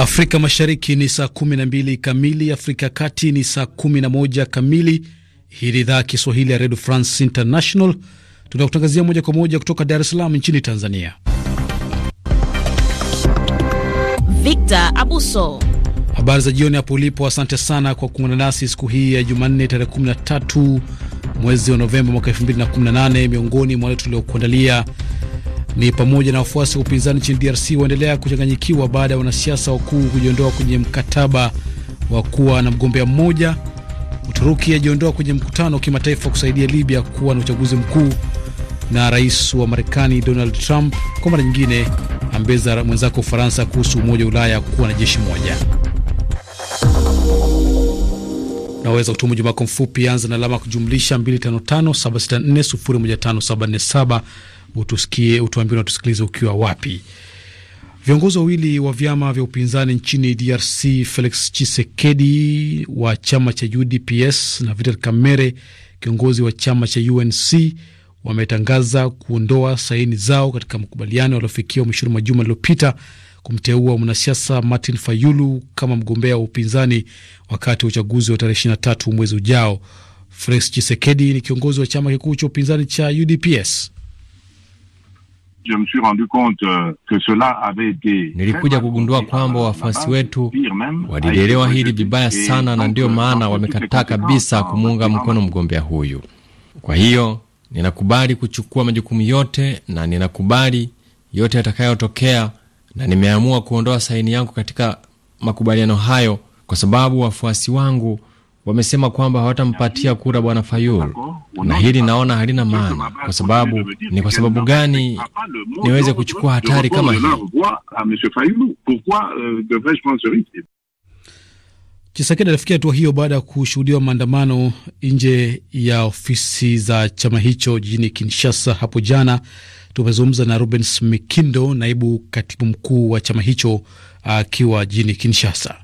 Afrika Mashariki ni saa 12 kamili, Afrika ya Kati ni saa 11 kamili. Hii ni idhaa Kiswahili ya Redio France International, tunakutangazia moja kwa moja kutoka Dar es Salaam nchini Tanzania. Victor Abuso, habari za jioni hapo ulipo. Asante sana kwa kuungana nasi siku hii ya Jumanne, tarehe 13 mwezi wa Novemba mwaka 2018. Miongoni mwa wale tuliokuandalia ni pamoja na wafuasi wa upinzani nchini DRC waendelea kuchanganyikiwa baada ya wanasiasa wakuu kujiondoa kwenye mkataba wa kuwa na mgombea mmoja. Uturuki yajiondoa kwenye mkutano wa kimataifa kusaidia Libya kuwa na uchaguzi mkuu, na rais wa Marekani Donald Trump kwa mara nyingine ambeza mwenzako Ufaransa kuhusu Umoja wa Ulaya kuwa na jeshi moja. Naweza kutuma ujumbe wako mfupi, anza na alama kujumlisha 255 764 utusikie, utuambie unatusikiliza ukiwa wapi. Viongozi wawili wa vyama vya upinzani nchini DRC, Felix chisekedi wa chama cha UDPS na Vital Kamerhe, kiongozi wa chama cha UNC, wametangaza kuondoa saini zao katika makubaliano waliofikia mwishoni mwa juma lililopita kumteua mwanasiasa Martin Fayulu kama mgombea wa upinzani wakati wa uchaguzi wa tarehe 23 mwezi ujao. Felix Chisekedi ni kiongozi wa chama kikuu cha upinzani cha UDPS. Je me suis rendu compte euh, que cela avait été. Nilikuja kugundua kwamba wafuasi wetu walielewa hili vibaya sana, na ndiyo maana wamekataa kabisa kumuunga mkono mgombea huyu. Kwa hiyo ninakubali kuchukua majukumu yote na ninakubali yote yatakayotokea, na nimeamua kuondoa saini yangu katika makubaliano hayo kwa sababu wafuasi wangu wamesema kwamba hawatampatia kura bwana Fayul, na hili naona halina maana. Kwa sababu ni kwa sababu gani niweze kuchukua hatari kama hii? Chisekedi alifikia hatua hiyo baada ya kushuhudiwa maandamano nje ya ofisi za chama hicho jijini Kinshasa hapo jana. Tumezungumza na Rubens Mikindo, naibu katibu mkuu wa chama hicho akiwa jijini Kinshasa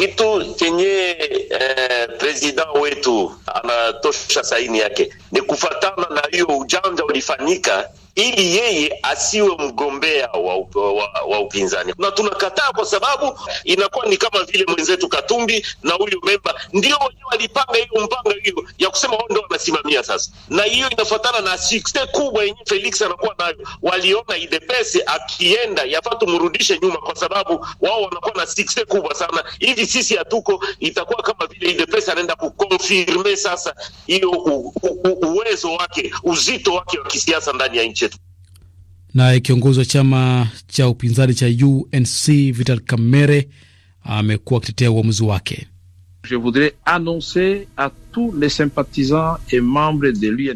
kitu chenye eh, president wetu anatosha saini yake ni kufatana na hiyo ujanja ulifanyika ili yeye asiwe mgombea wa, wa, wa upinzani, na tunakataa kwa sababu inakuwa ni kama vile mwenzetu Katumbi na huyu Memba ndio wenyewe walipanga hiyo mpanga hiyo ya kusema wao ndio wanasimamia sasa, na hiyo inafuatana na sikte kubwa yenye Felix anakuwa nayo. Waliona idepese akienda yafaa tumrudishe nyuma, kwa sababu wao wanakuwa na sikte kubwa sana. Hivi sisi hatuko, itakuwa kama vile idepese anaenda kukonfirme sasa hiyo uwezo wake, uzito wake wa kisiasa ndani ya nchi. Naye kiongozi wa chama cha upinzani cha UNC Vital Kamerhe amekuwa akitetea uamuzi wake. Je voudrais annoncer à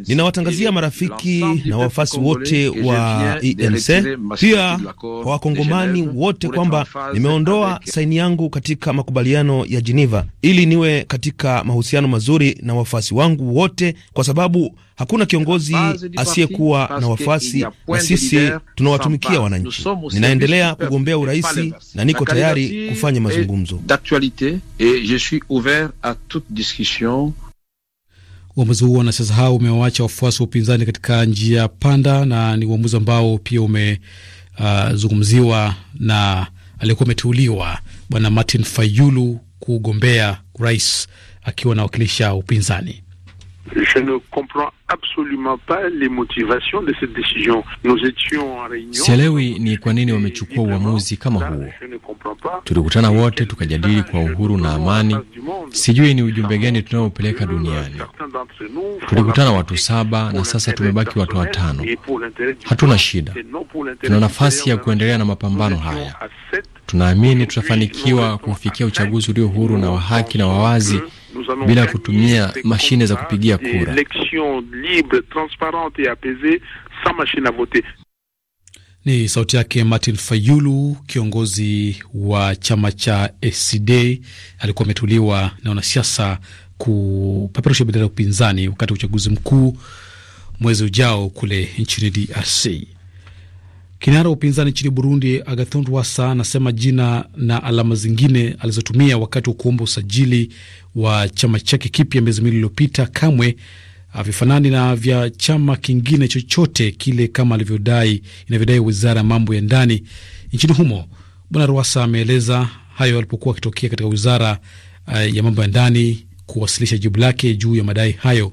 Ninawatangazia marafiki na wafasi wote wa ENC pia kwa wakongomani wote kwamba nimeondoa saini yangu katika makubaliano ya Geneva ili niwe katika mahusiano mazuri na wafasi wangu wote, kwa sababu hakuna kiongozi asiyekuwa na wafasi, na sisi tunawatumikia wananchi. Ninaendelea kugombea urahisi na niko tayari kufanya mazungumzo. Uamuzi huo wanasiasa hao umewaacha wafuasi wa upinzani katika njia panda, na ni uamuzi ambao pia umezungumziwa ah, uh, na aliyekuwa ameteuliwa Bwana Martin Fayulu kugombea urais akiwa anawakilisha upinzani absolument pas les motivations de cette décision. Nous étions en réunion. Sielewi ni kwa nini wamechukua uamuzi kama huo. Tulikutana wote tukajadili kwa uhuru na amani. Sijui ni ujumbe gani tunaopeleka duniani. Tulikutana watu saba na sasa tumebaki watu watano. Hatuna shida, tuna nafasi ya kuendelea na mapambano haya. Tunaamini tutafanikiwa kufikia uchaguzi ulio huru na wa haki na wawazi bila kutumia mashine za kupigia kura. Ni sauti yake Martin Fayulu, kiongozi wa chama cha SCD. Alikuwa ametuliwa na wanasiasa kupeperusha bendera ya upinzani wakati wa uchaguzi mkuu mwezi ujao kule nchini DRC. Kinara wa upinzani nchini Burundi, Agathon Rwasa, anasema jina na alama zingine alizotumia wakati wa kuomba usajili wa chama chake kipya miezi miwili iliyopita kamwe havifanani na vya chama kingine chochote kile kama alivyodai inavyodai wizara ya mambo ya ndani nchini humo. Bwana Rwasa ameeleza hayo alipokuwa akitokea katika wizara uh, ya mambo ya ndani kuwasilisha jibu lake juu ya madai hayo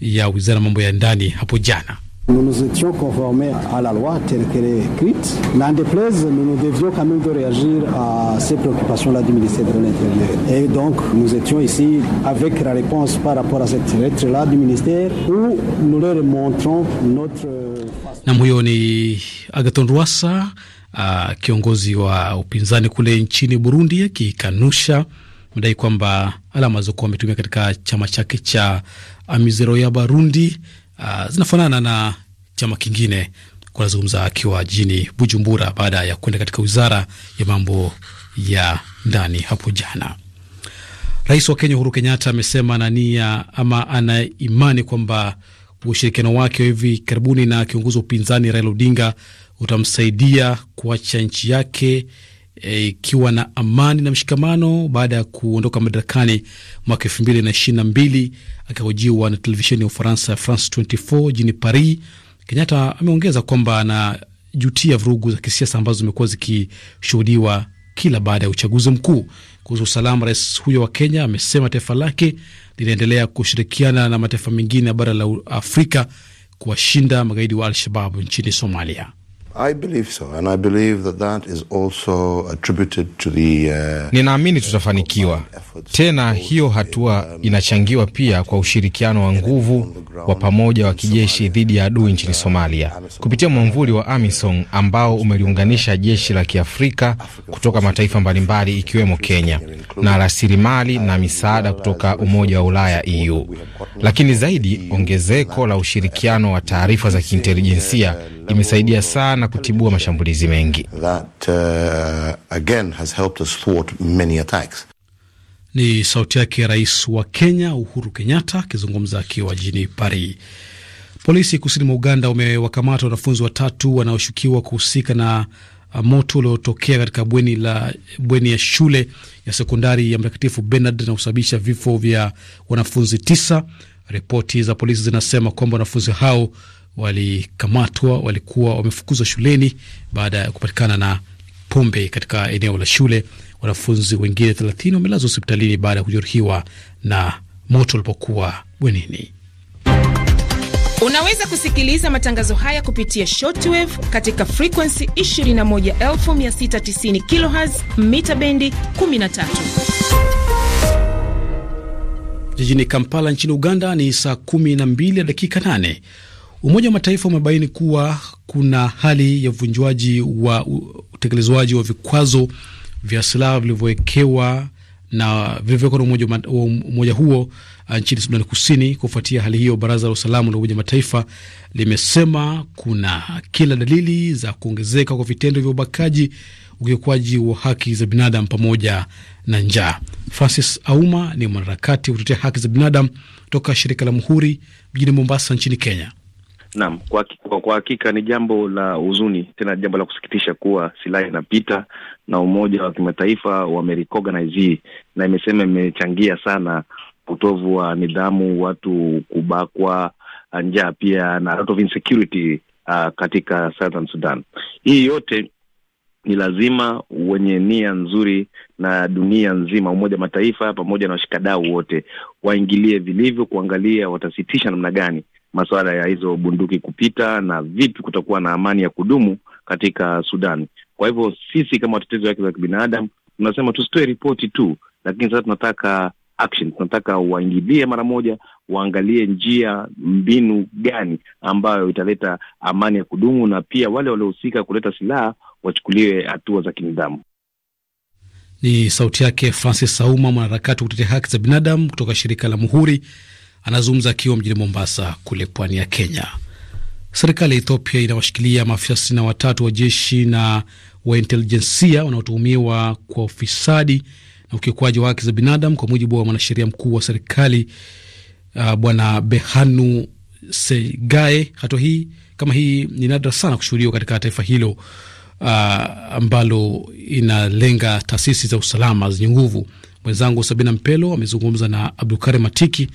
ya wizara ya mambo ya ndani hapo jana. Nous nous étions conformés à la loi telle qu'elle est écrite. N'en déplaise, nous nous devions quand même de réagir à ces préoccupations-là du ministère de l'Intérieur. Et donc, nous étions ici avec la réponse par rapport à cette lettre-là du ministère où nous leur montrons notre... Nam, ni Agathon Rwasa, uh, kiongozi wa upinzani kule nchini Burundi, akikanusha madai kwamba alama zokuwa wametumia katika chama chake cha Amizero ya Barundi uh, zinafanana na chama kingine. Kunazungumza akiwa jijini Bujumbura baada ya kwenda katika wizara ya mambo ya ndani hapo jana. Rais wa Kenya Uhuru Kenyatta amesema ana nia ama ana imani kwamba ushirikiano wake wa hivi karibuni na kiongozi wa upinzani Raila Odinga utamsaidia kuacha nchi yake ikiwa e, na amani na mshikamano baada ya kuondoka madarakani mwaka elfu mbili na ishirini na mbili. Akihojiwa na televisheni ya Ufaransa France 24 jini Paris, Kenyatta ameongeza kwamba anajutia vurugu za kisiasa ambazo zimekuwa zikishuhudiwa kila baada ya uchaguzi mkuu. Kuhusu usalama, rais huyo wa Kenya amesema taifa lake linaendelea kushirikiana na mataifa mengine ya bara la Afrika kuwashinda magaidi wa Al-Shababu nchini Somalia. Uh, Ninaamini tutafanikiwa. Tena hiyo hatua um, inachangiwa pia kwa ushirikiano wa nguvu wa pamoja wa kijeshi dhidi ya adui nchini uh, Somalia kupitia mwamvuli wa AMISOM ambao umeliunganisha jeshi la Kiafrika kutoka mataifa mbalimbali ikiwemo Kenya na rasilimali na misaada kutoka Umoja wa Ulaya EU. Lakini zaidi, ongezeko la uh, ushirikiano wa taarifa za kiintelijensia imesaidia sana kutibua mashambulizi mengi that, uh, again has helped us thwart many attacks. Ni sauti yake Rais wa Kenya Uhuru Kenyatta akizungumza akiwa jijini Paris. Polisi kusini mwa Uganda wamewakamata wanafunzi watatu wanaoshukiwa kuhusika na uh, moto uliotokea katika bweni la bweni ya shule ya sekondari ya Mtakatifu Bernard na kusababisha vifo vya wanafunzi tisa. Ripoti za polisi zinasema kwamba wanafunzi hao walikamatwa walikuwa wamefukuzwa shuleni baada ya kupatikana na pombe katika eneo la shule. Wanafunzi wengine 30 wamelazwa hospitalini baada ya kujeruhiwa na moto ulipokuwa bwenini. Unaweza kusikiliza matangazo haya kupitia shortwave katika frekuensi 21690 kHz mita bendi 13. Jijini Kampala nchini Uganda ni saa 12 dakika 8. Umoja wa Mataifa umebaini kuwa kuna hali ya uvunjwaji wa utekelezwaji wa vikwazo vya silaha vilivyowekewa na vilivyowekwa na umoja, umoja huo uh, nchini sudani Kusini. Kufuatia hali hiyo, baraza la usalama la Umoja Mataifa limesema kuna kila dalili za kuongezeka kwa vitendo vya ubakaji, ukiukwaji wa haki za binadamu pamoja na njaa. Francis Auma ni mwanaharakati wa kutetea haki za binadamu toka shirika la Muhuri mjini Mombasa nchini Kenya. Naam, kwa, kwa, kwa hakika ni jambo la huzuni tena jambo la kusikitisha kuwa silaha inapita na Umoja wa Kimataifa wamerecognize hii na imesema imechangia sana utovu wa nidhamu, watu kubakwa, ah, njaa pia na lot of insecurity uh, katika Southern Sudan. Hii yote ni lazima wenye nia nzuri na dunia nzima, Umoja wa Mataifa pamoja na washikadau wote waingilie vilivyo, kuangalia watasitisha namna gani masuala ya hizo bunduki kupita na vipi kutakuwa na amani ya kudumu katika Sudan. Kwa hivyo sisi kama watetezi wa haki za kibinadamu tunasema tusitoe ripoti tu, lakini sasa tunataka action, tunataka waingilie mara moja, waangalie njia, mbinu gani ambayo italeta amani ya kudumu, na pia wale waliohusika kuleta silaha wachukuliwe hatua za kinidhamu. Ni sauti yake Francis Sauma, mwanaharakati wa kutetea haki za binadamu kutoka shirika la Muhuri Anazungumza akiwa mjini Mombasa kule pwani ya Kenya. Serikali ya Ethiopia inawashikilia maafisa sitini na watatu wa jeshi na wa intelijensia wanaotuhumiwa kwa ufisadi na ukiukwaji wa haki za binadamu, kwa mujibu wa mwanasheria mkuu wa serikali uh, Bwana Behanu Segae. Hatua hii kama hii ni nadra sana kushuhudiwa katika taifa hilo uh, ambalo inalenga taasisi za usalama zenye nguvu. Mwenzangu Sabina Mpelo amezungumza na Abdulkarim Matiki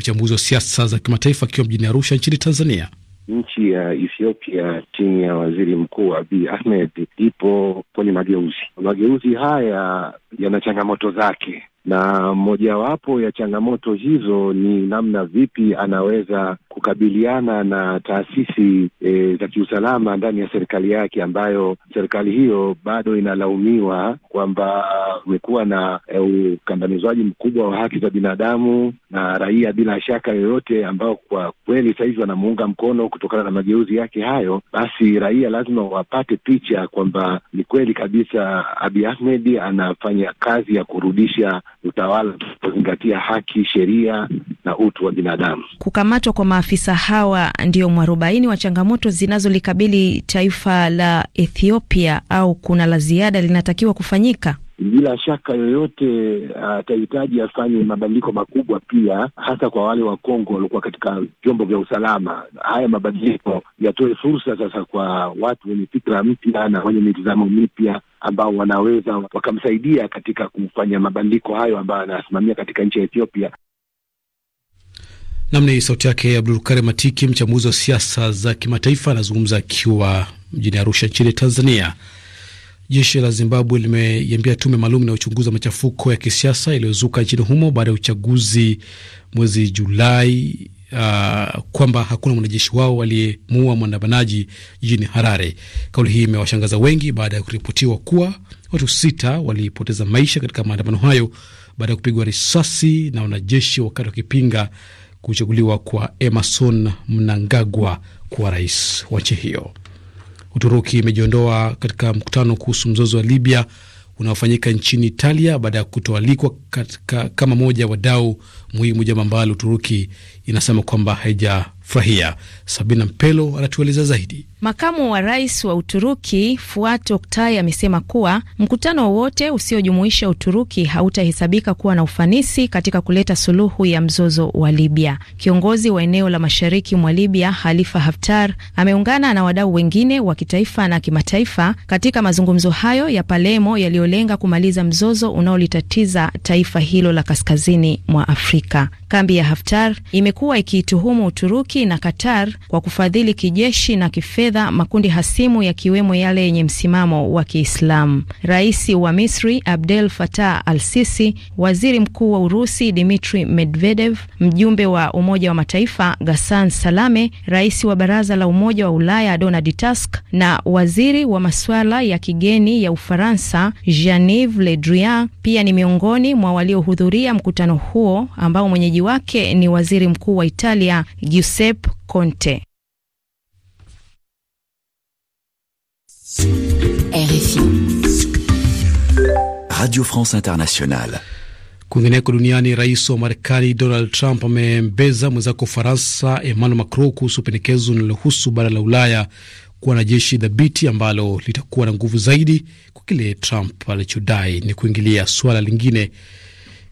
mchambuzi wa siasa za kimataifa akiwa mjini Arusha nchini Tanzania. Nchi ya Ethiopia chini ya waziri mkuu Abiy Ahmed ipo kwenye mageuzi. Mageuzi haya yana changamoto zake, na mojawapo ya changamoto hizo ni namna vipi anaweza kukabiliana na taasisi e, za kiusalama ndani ya serikali yake, ambayo serikali hiyo bado inalaumiwa kwamba umekuwa na e, ukandamizwaji mkubwa wa haki za binadamu na raia bila shaka yoyote, ambao kwa kweli sahizi wanamuunga mkono kutokana na mageuzi yake hayo, basi raia lazima wapate picha kwamba ni kweli kabisa Abiy Ahmed anafanya kazi ya kurudisha utawala kuzingatia haki, sheria na utu wa binadamu. Kukamatwa kwa maafisa hawa ndio mwarobaini wa changamoto zinazolikabili taifa la Ethiopia, au kuna la ziada linatakiwa kufanyika? bila shaka yoyote uh, atahitaji afanye mabadiliko makubwa pia, hasa kwa wale wa Kongo waliokuwa katika vyombo vya usalama. Haya mabadiliko yatoe fursa sasa kwa watu wenye fikra mpya na wenye mitazamo mipya ambao wanaweza wakamsaidia katika kufanya mabadiliko hayo ambayo anasimamia katika nchi ya Ethiopia. ni sauti yake Abdulkarim matiki mchambuzi wa siasa za kimataifa, anazungumza akiwa mjini Arusha nchini Tanzania. Jeshi la Zimbabwe limeiambia tume maalum inayochunguza machafuko ya kisiasa yaliyozuka nchini humo baada ya uchaguzi mwezi Julai uh, kwamba hakuna mwanajeshi wao aliyemuua mwandamanaji jijini Harare. Kauli hii imewashangaza wengi baada ya kuripotiwa kuwa watu sita walipoteza maisha katika maandamano hayo baada ya kupigwa risasi na wanajeshi wakati wakipinga kuchaguliwa kwa Emerson Mnangagwa kuwa rais wa nchi hiyo. Uturuki imejiondoa katika mkutano kuhusu mzozo wa Libya unaofanyika nchini Italia baada ya kutoalikwa kama moja wadau muhimu, jambo ambalo Uturuki inasema kwamba haijafurahia. Sabina Mpelo anatueleza zaidi. Makamu wa rais wa Uturuki Fuat Oktay amesema kuwa mkutano wowote usiojumuisha Uturuki hautahesabika kuwa na ufanisi katika kuleta suluhu ya mzozo wa Libya. Kiongozi wa eneo la mashariki mwa Libya Halifa Haftar ameungana na wadau wengine wa kitaifa na kimataifa katika mazungumzo hayo ya palemo yaliyolenga kumaliza mzozo unaolitatiza taifa hilo la kaskazini mwa Afrika. Kambi ya Haftar imekuwa ikiituhumu Uturuki na Qatar kwa kufadhili kijeshi na kifedha fedha makundi hasimu yakiwemo yale yenye msimamo wa Kiislamu. Rais wa Misri Abdel Fattah al-Sisi, Waziri Mkuu wa Urusi dmitri Medvedev, mjumbe wa Umoja wa Mataifa gassan Salame, Rais wa Baraza la Umoja wa Ulaya Donald Tusk na Waziri wa masuala ya kigeni ya Ufaransa Jean-Yves Le Drian pia ni miongoni mwa waliohudhuria mkutano huo ambao mwenyeji wake ni Waziri Mkuu wa Italia Giuseppe Conte. RFI. Radio France Internationale. Kwingineko duniani, rais wa Marekani Donald Trump amembeza mwenzako Ufaransa Emmanuel Macron kuhusu pendekezo linalohusu bara la Ulaya kuwa na jeshi dhabiti ambalo litakuwa na nguvu zaidi, kwa kile Trump alichodai ni kuingilia suala lingine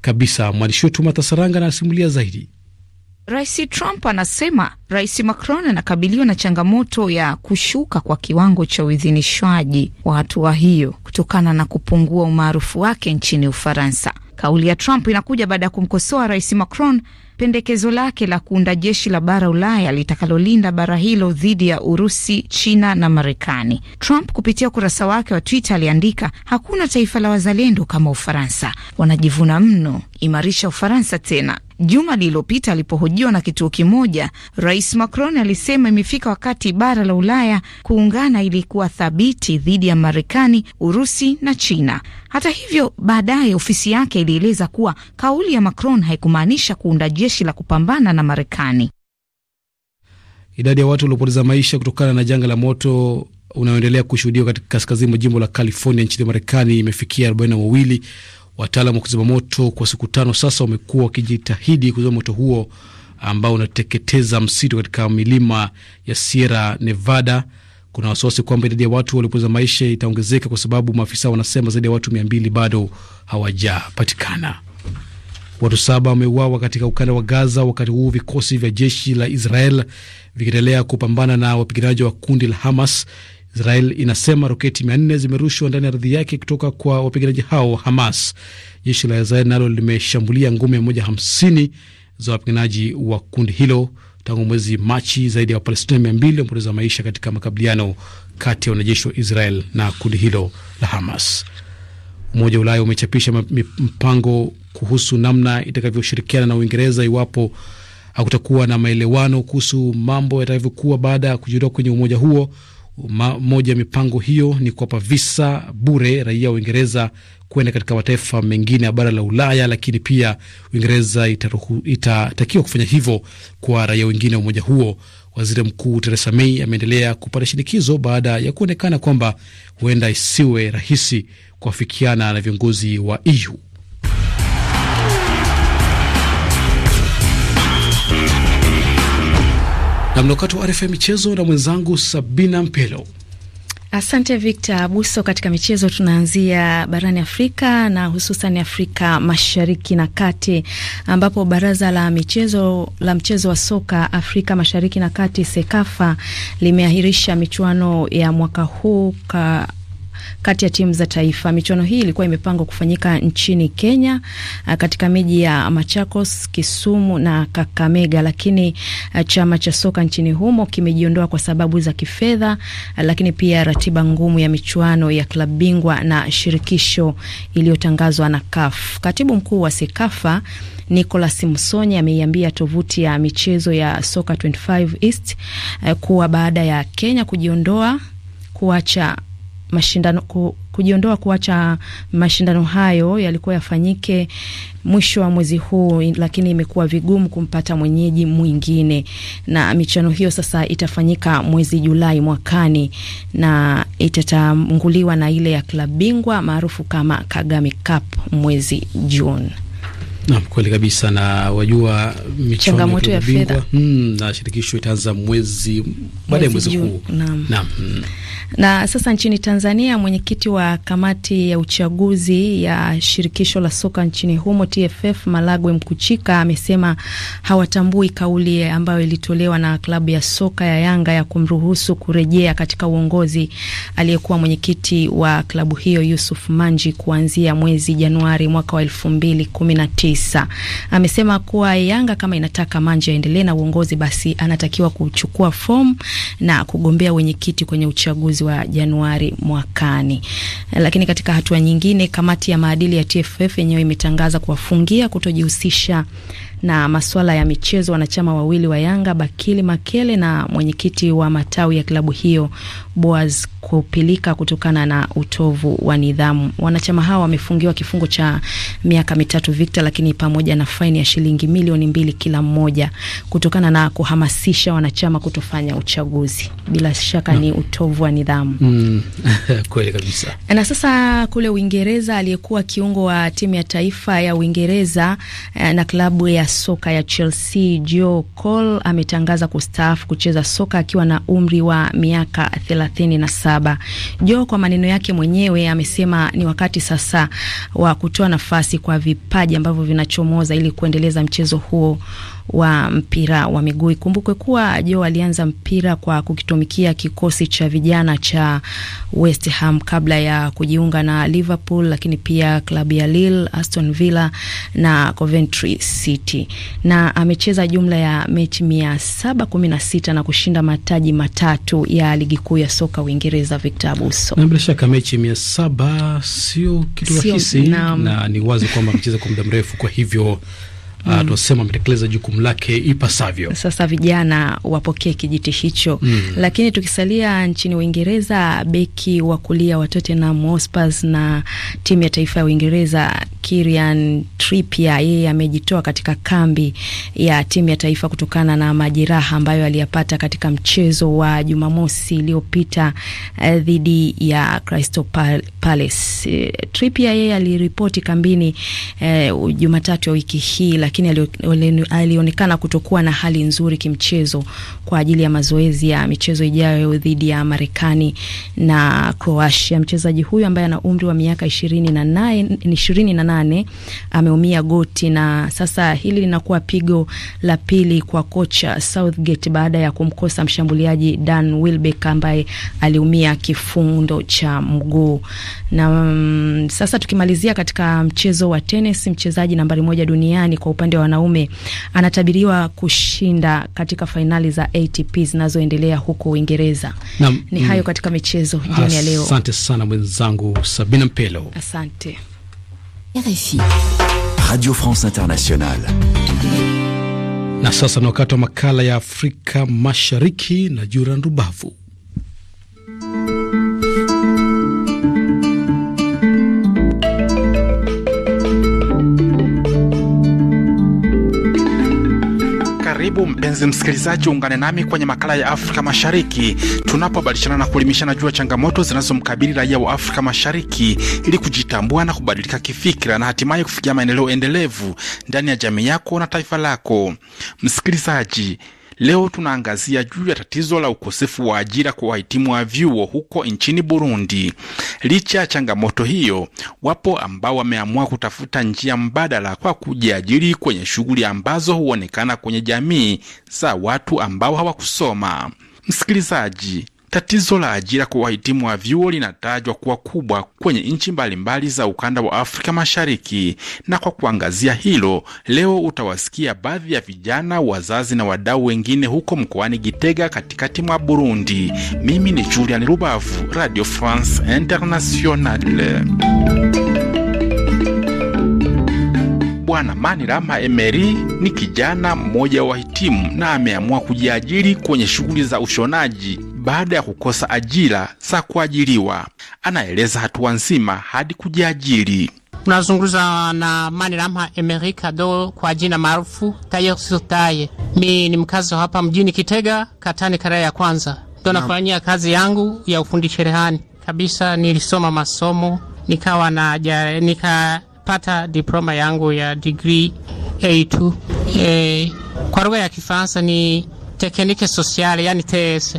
kabisa. Mwandishi wetu Matasaranga anasimulia zaidi. Rais Trump anasema Rais Macron anakabiliwa na changamoto ya kushuka kwa kiwango cha uidhinishwaji wa hatua hiyo kutokana na kupungua umaarufu wake nchini Ufaransa. Kauli ya Trump inakuja baada ya kumkosoa Rais Macron pendekezo lake la kuunda jeshi la bara Ulaya litakalolinda bara hilo dhidi ya Urusi, China na Marekani. Trump kupitia ukurasa wake wa Twitter aliandika, hakuna taifa la wazalendo kama Ufaransa, wanajivuna mno, imarisha Ufaransa tena. Juma lililopita alipohojiwa na kituo kimoja, Rais Macron alisema imefika wakati bara la Ulaya kuungana ili kuwa thabiti dhidi ya Marekani, Urusi na China. Hata hivyo, baadaye ofisi yake ilieleza kuwa kauli ya Macron haikumaanisha kuunda jeshi la kupambana na Marekani. Idadi ya watu waliopoteza maisha kutokana na janga la moto unaoendelea kushuhudiwa katika kaskazini mwa jimbo la California nchini Marekani imefikia arobaini na wawili Wataalam wa kuzima moto kwa siku tano sasa wamekuwa wakijitahidi kuzima moto huo ambao unateketeza msitu katika milima ya Sierra Nevada. Kuna wasiwasi kwamba idadi ya watu waliopoteza maisha itaongezeka kwa sababu maafisa wanasema zaidi ya watu mia mbili bado hawajapatikana. Watu saba wameuawa katika ukanda wa Gaza, wakati huu vikosi vya jeshi la Israel vikiendelea kupambana na wapiganaji wa kundi la Hamas. Israel inasema roketi mia nne zimerushwa ndani ya ardhi yake kutoka kwa wapiganaji hao Hamas. Jeshi la Israel nalo limeshambulia ngome hamsini za wapiganaji wa kundi hilo tangu mwezi Machi. Zaidi ya Wapalestina mia mbili wamepoteza maisha katika makabiliano kati ya wanajeshi wa Israel na kundi hilo la Hamas. Umoja wa Ulaya umechapisha mpango kuhusu namna itakavyoshirikiana na Uingereza iwapo hakutakuwa na maelewano kuhusu mambo yatakavyokuwa baada ya kujiondoa kwenye umoja huo. Moja ya mipango hiyo ni kuwapa visa bure raia wa Uingereza kwenda katika mataifa mengine ya bara la Ulaya, lakini pia Uingereza itatakiwa kufanya hivyo kwa raia wengine wa umoja huo. Waziri Mkuu teresa May ameendelea kupata shinikizo baada ya kuonekana kwamba huenda isiwe rahisi kuafikiana na viongozi wa EU. na mnakato wa RFI michezo na mwenzangu Sabina Mpelo. Asante Victor Abuso. Katika michezo tunaanzia barani Afrika na hususan Afrika Mashariki na Kati, ambapo baraza la michezo la mchezo wa soka Afrika Mashariki na Kati, SEKAFA, limeahirisha michuano ya mwaka huu ka kati ya timu za taifa. Michuano hii ilikuwa imepangwa kufanyika nchini Kenya uh, katika miji ya Machakos, Kisumu na Kakamega, lakini uh, chama cha soka nchini humo kimejiondoa kwa sababu za kifedha, uh, lakini pia ratiba ngumu ya michuano ya klabu bingwa na shirikisho iliyotangazwa na CAF. Katibu mkuu wa Sekafa Nicolas Msonyi ameiambia tovuti ya michezo ya Soka 25 East kuwa baada ya Kenya kujiondoa kuacha mashindano kujiondoa kuacha mashindano hayo yalikuwa yafanyike mwisho wa mwezi huu, lakini imekuwa vigumu kumpata mwenyeji mwingine, na michuano hiyo sasa itafanyika mwezi Julai mwakani na itatanguliwa na ile ya klabu bingwa maarufu kama Kagame Cup mwezi Juni. Naam, kweli kabisa. Na wajua changamoto ya fedha mm, na shirikisho itaanza mwezi baada ya mwezi huu. Naam. Naam. Hmm. Na sasa nchini Tanzania, mwenyekiti wa kamati ya uchaguzi ya shirikisho la soka nchini humo TFF, Malagwe Mkuchika, amesema hawatambui kauli ambayo ilitolewa na klabu ya soka ya Yanga ya kumruhusu kurejea katika uongozi aliyekuwa mwenyekiti wa klabu hiyo Yusuf Manji kuanzia mwezi Januari mwaka wa elfu mbili kumi na tisa kabisa. Amesema kuwa Yanga kama inataka Manje aendelee na uongozi, basi anatakiwa kuchukua fomu na kugombea wenyekiti kwenye uchaguzi wa Januari mwakani. Lakini katika hatua nyingine, kamati ya maadili ya TFF yenyewe imetangaza kuwafungia kutojihusisha na masuala ya michezo, wanachama wawili wa Yanga Bakili Makele na mwenyekiti wa matawi ya klabu hiyo Boaz Kupilika kutokana na utovu wa nidhamu. Wanachama hao wamefungiwa kifungo cha miaka mitatu Victor, lakini pamoja na faini ya shilingi milioni mbili kila mmoja kutokana na kuhamasisha wanachama kutofanya uchaguzi. Bila shaka no. ni utovu wa nidhamu mm. kweli kabisa. Na sasa kule Uingereza, aliyekuwa kiungo wa timu ya taifa ya Uingereza eh, na klabu ya soka ya Chelsea Joe Cole ametangaza kustaafu kucheza soka akiwa na umri wa miaka 37. Joe kwa maneno yake mwenyewe amesema ni wakati sasa wa kutoa nafasi kwa vipaji ambavyo vinachomoza ili kuendeleza mchezo huo wa mpira wa miguu. Ikumbukwe kuwa jo alianza mpira kwa kukitumikia kikosi cha vijana cha West Ham kabla ya kujiunga na Liverpool, lakini pia klabu ya Lille, Aston Villa na Coventry City, na amecheza jumla ya mechi mia saba kumi na sita na kushinda mataji matatu ya ligi kuu ya soka Uingereza. Victor Abuso, na bila shaka mechi mia saba sio kitu rahisi na, na ni wazi kwamba amecheza kwa muda mrefu, kwa hivyo mm. uh, tunasema ametekeleza jukumu lake ipasavyo. Sasa vijana wapokee kijiti hicho mm. Lakini tukisalia nchini Uingereza, beki wa kulia wa Tottenham Hotspur na timu ya taifa ya Uingereza Kieran Trippier, yeye amejitoa katika kambi ya timu ya taifa kutokana na majeraha ambayo aliyapata katika mchezo wa Jumamosi iliyopita eh, dhidi uh, ya Crystal Palace. Uh, Trippier yeye aliripoti kambini uh, Jumatatu ya wiki hii lakini alionekana kutokuwa na hali nzuri kimchezo kwa ajili ya mazoezi ya michezo ijayo dhidi ya Marekani na Croatia. Mchezaji huyu ambaye ana umri wa miaka ishirini na nane, ishirini na nane ameumia goti na sasa hili linakuwa pigo la pili kwa kocha Southgate baada ya kumkosa mshambuliaji Dan Wilbeck ambaye aliumia kifundo cha mguu. Na mm, sasa tukimalizia katika mchezo wa tenis, mchezaji nambari moja duniani kwa upande wa wanaume anatabiriwa kushinda katika fainali za ATP zinazoendelea huko Uingereza. Ni hayo katika michezo jioni ya leo. Asante sana mwenzangu Sabina Mpelo. Asante. RFI. Radio France Internationale. Na sasa ni wakati wa makala ya Afrika Mashariki na Jura Rubavu. Karibu mpenzi msikilizaji, ungane nami kwenye makala ya Afrika Mashariki tunapobadilishana na kuelimishana juu ya changamoto zinazomkabili raia wa Afrika Mashariki ili kujitambua na kubadilika kifikira na hatimaye kufikia maendeleo endelevu ndani ya jamii yako na taifa lako. Msikilizaji, Leo tunaangazia juu ya tatizo la ukosefu wa ajira kwa wahitimu wa vyuo huko nchini Burundi. Licha ya changamoto hiyo, wapo ambao wameamua kutafuta njia mbadala kwa kujiajiri kwenye shughuli ambazo huonekana kwenye jamii za watu ambao hawakusoma. Msikilizaji, Tatizo la ajira kwa wahitimu wa vyuo linatajwa kuwa kubwa kwenye nchi mbalimbali za ukanda wa Afrika Mashariki, na kwa kuangazia hilo, leo utawasikia baadhi ya vijana, wazazi na wadau wengine huko mkoani Gitega, katikati mwa Burundi. Mimi ni Julian Rubavu, Radio France Internationale. Bwana Manirama Emeri ni kijana mmoja wa wahitimu na ameamua kujiajiri kwenye shughuli za ushonaji baada ya kukosa ajira za kuajiriwa. Anaeleza hatua nzima hadi kujiajiri. Tunazungumza na Manirama Emery Kado kwa jina maarufu Tayer Sirtaye. Mi ni mkazi wa hapa mjini Kitega, katani karaya ya kwanza, ndo nafanyia kazi yangu ya ufundi cherehani kabisa. Nilisoma masomo nikawa na nikapata diploma yangu ya degree A2 e, eh, kwa lugha ya Kifaransa ni teknike sosiale, yani TS.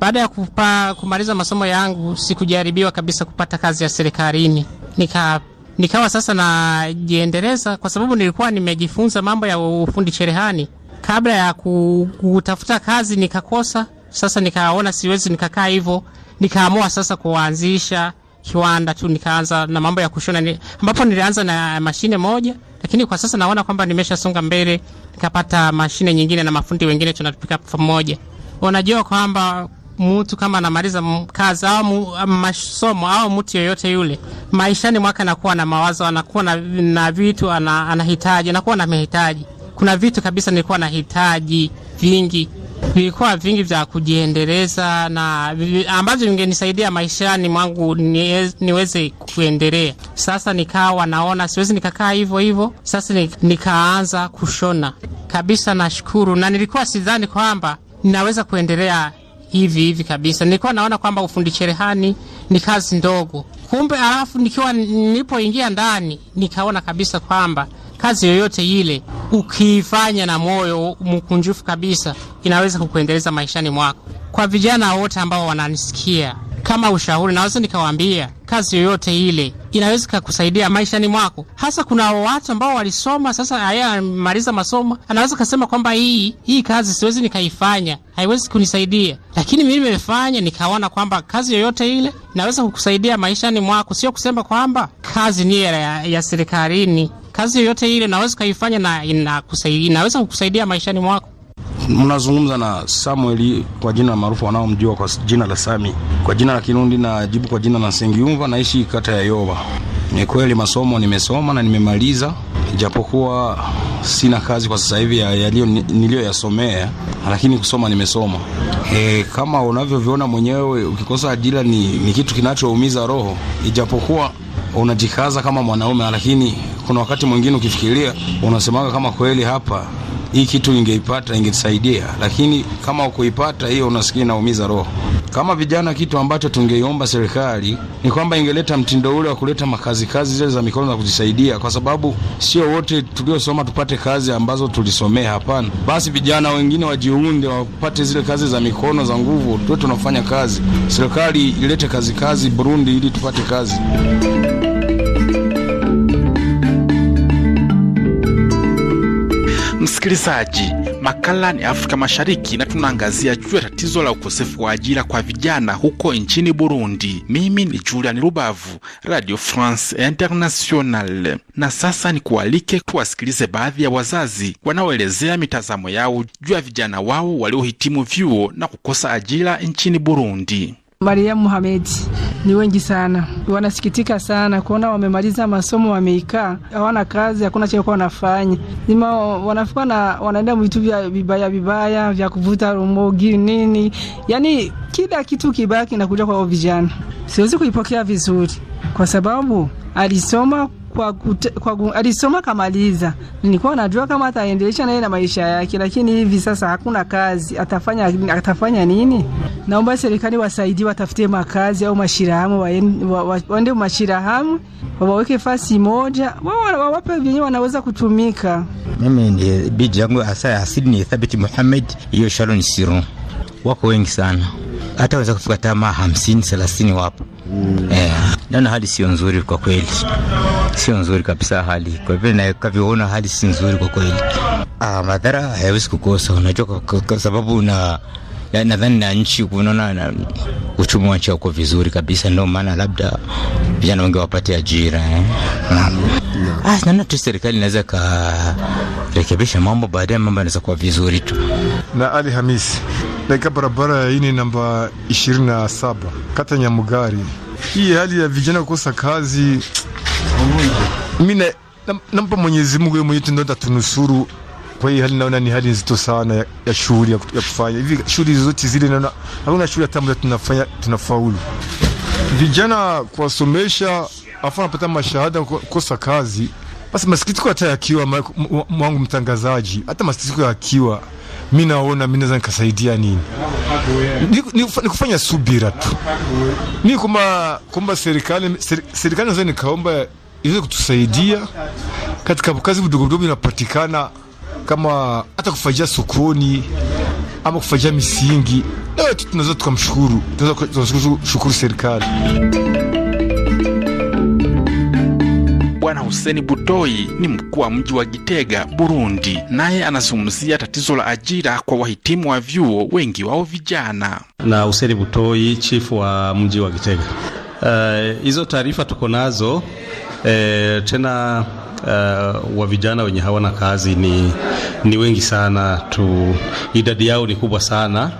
Baada ya kupa, kumaliza masomo yangu sikujaribiwa kabisa kupata kazi ya serikalini, nika nikawa sasa najiendeleza kwa sababu nilikuwa nimejifunza mambo ya ufundi cherehani kabla ya kutafuta kazi nikakosa. Sasa nikaona siwezi nikakaa hivyo, nikaamua sasa kuanzisha kiwanda tu, nikaanza na mambo ya kushona, ni, ambapo nilianza na mashine moja, lakini kwa sasa naona kwamba nimeshasonga mbele, nikapata mashine nyingine na mafundi wengine tunapika pamoja. Unajua kwamba mtu kama anamaliza kazi au masomo au mtu yoyote yule maishani mwake, anakuwa na mawazo, anakuwa na, na vitu anahitaji, anakuwa na mahitaji. Kuna vitu kabisa nilikuwa nahitaji vingi, vilikuwa vingi vya kujiendeleza na ambavyo vingenisaidia maishani mwangu niweze kuendelea. Sasa nikawa naona siwezi nikakaa hivyo hivyo, sasa nikaanza kushona kabisa. Nashukuru, na nilikuwa sidhani kwamba ninaweza kuendelea hivi hivi kabisa. Nilikuwa naona kwamba ufundi cherehani ni kazi ndogo, kumbe alafu nikiwa nilipoingia ndani nikaona kabisa kwamba kazi yoyote ile ukiifanya na moyo mkunjufu kabisa inaweza kukuendeleza maishani mwako. Kwa vijana wote ambao wananisikia kama ushauri, naweza nikawaambia kazi yoyote ile inaweza kakusaidia maishani mwako. Hasa kuna watu ambao walisoma, sasa aye amemaliza masomo, anaweza kasema kwamba hii hii kazi siwezi nikaifanya, haiwezi kunisaidia, lakini mimi nimefanya, nikaona kwamba kazi yoyote ile inaweza kukusaidia maishani mwako. Sio kusema kwamba kazi ni ya, ya serikalini. Kazi yoyote ile naweza ukaifanya na inakusaidia, inaweza kukusaidia maishani mwako. Mnazungumza na Samuel kwa jina maarufu wanaomjua kwa jina la Sami, kwa jina la Kirundi na jibu kwa jina la Sengiumva. Naishi kata ya Yoba. Ni kweli masomo nimesoma na nimemaliza, japokuwa sina kazi kwa sasa hivi yaliyo niliyoyasomea, lakini kusoma nimesoma. E, kama unavyoviona mwenyewe, ukikosa ajira ni, ni kitu kinachoumiza roho, ijapokuwa unajikaza kama mwanaume, lakini kuna wakati mwingine ukifikiria unasemaga kama kweli hapa hii kitu ingeipata ingesaidia lakini kama ukuipata hiyo, unasikia inaumiza roho. Kama vijana, kitu ambacho tungeiomba serikali ni kwamba ingeleta mtindo ule wa kuleta makazi kazi zile za mikono za kujisaidia, kwa sababu sio wote tuliosoma tupate kazi ambazo tulisomea. Hapana, basi vijana wengine wajiunde, wapate zile kazi za mikono za nguvu, tuwe tunafanya kazi. Serikali ilete kazi kazi Burundi ili tupate kazi. Msikilizaji, makala ni Afrika Mashariki na tunaangazia juu ya tatizo la ukosefu wa ajira kwa vijana huko nchini Burundi. Mimi ni Julian Rubavu, Radio France International. Na sasa ni kualike tuwasikilize baadhi ya wazazi wanaoelezea mitazamo yao juu ya vijana wao waliohitimu vyuo na kukosa ajira nchini Burundi. Maria Muhamedi ni wengi sana, wanasikitika sana kuona wamemaliza masomo, wameikaa hawana kazi, hakuna chakula wanafanya, ima wanafika na wanaenda vitu vya vibaya vibaya vya kuvuta rumogi nini, yani kila kitu kibaki na kuja kwa vijana. Siwezi kuipokea vizuri, kwa sababu alisoma kwa, kute, kwa gu, alisoma kamaliza, nilikuwa najua kama ataendelesha naye na maisha yake, lakini hivi sasa hakuna kazi, atafanya atafanya nini? Naomba serikali wasaidie, watafutie makazi au mashirahamu, waende wa, wa, mashirahamu wawaweke fasi moja, wawape vyenye wanaweza kutumika. Mimi ndiye bidi yangu hasa asili ni Thabiti Muhammad, hiyo Sharon Siru, Wako wengi sana, hata waweza kufika tamaa hamsini thelathini wapo. Mm. Eh, ndio hali sio nzuri kwa kweli sio nzuri kabisa hali. Kwa hivyo ninavyoona hali si nzuri kwa kweli. Ah, madhara hayawezi kukosa, unajua kwa sababu na nadhani na nchi unaona na uchumi wa nchi uko vizuri kabisa, ndio maana labda vijana wengi wapate ajira eh. Na, Ah, naona tu serikali inaweza karekebisha mambo, baadaye mambo yanaweza kuwa vizuri tu. Na Ali Hamisi, dakika barabara ya ini namba 27 kata Nyamugari, hii hali ya vijana kukosa kazi mine nampa Mwenyezi Mungu mwenye tendo tatunusuru. Kwa hii hali naona ni hali nzito sana ya, ya shughuli ya, ya kufanya hivi shughuli zote zile, naona hakuna shughuli hata moja tunafanya tunafaulu. Vijana kuwasomesha afu napata mashahada kukosa kazi, basi masikitiko hata yakiwa mwangu mtangazaji, hata masikitiko yakiwa mi naona mi naweza nikasaidia nini? Nikufanya ni, ni subira tu, mi kuma kumba serikali serikali naweza nikaomba iweze kutusaidia katika kazi vidogovidogo vinapatikana kama hata kufajia sokoni ama kufajia misingi, nawe tu tunaweza tukamshukuru, tunaweza shukuru serikali. Bwana Hussein Butoi ni mkuu wa mji wa Gitega, Burundi, naye anazungumzia tatizo la ajira kwa wahitimu wa vyuo, wengi wao vijana. Na Hussein Butoi, chifu wa mji wa Gitega. Eh, hizo uh, taarifa tuko nazo uh, tena Uh, wa vijana wenye hawana kazi ni, ni wengi sana tu, idadi yao ni kubwa sana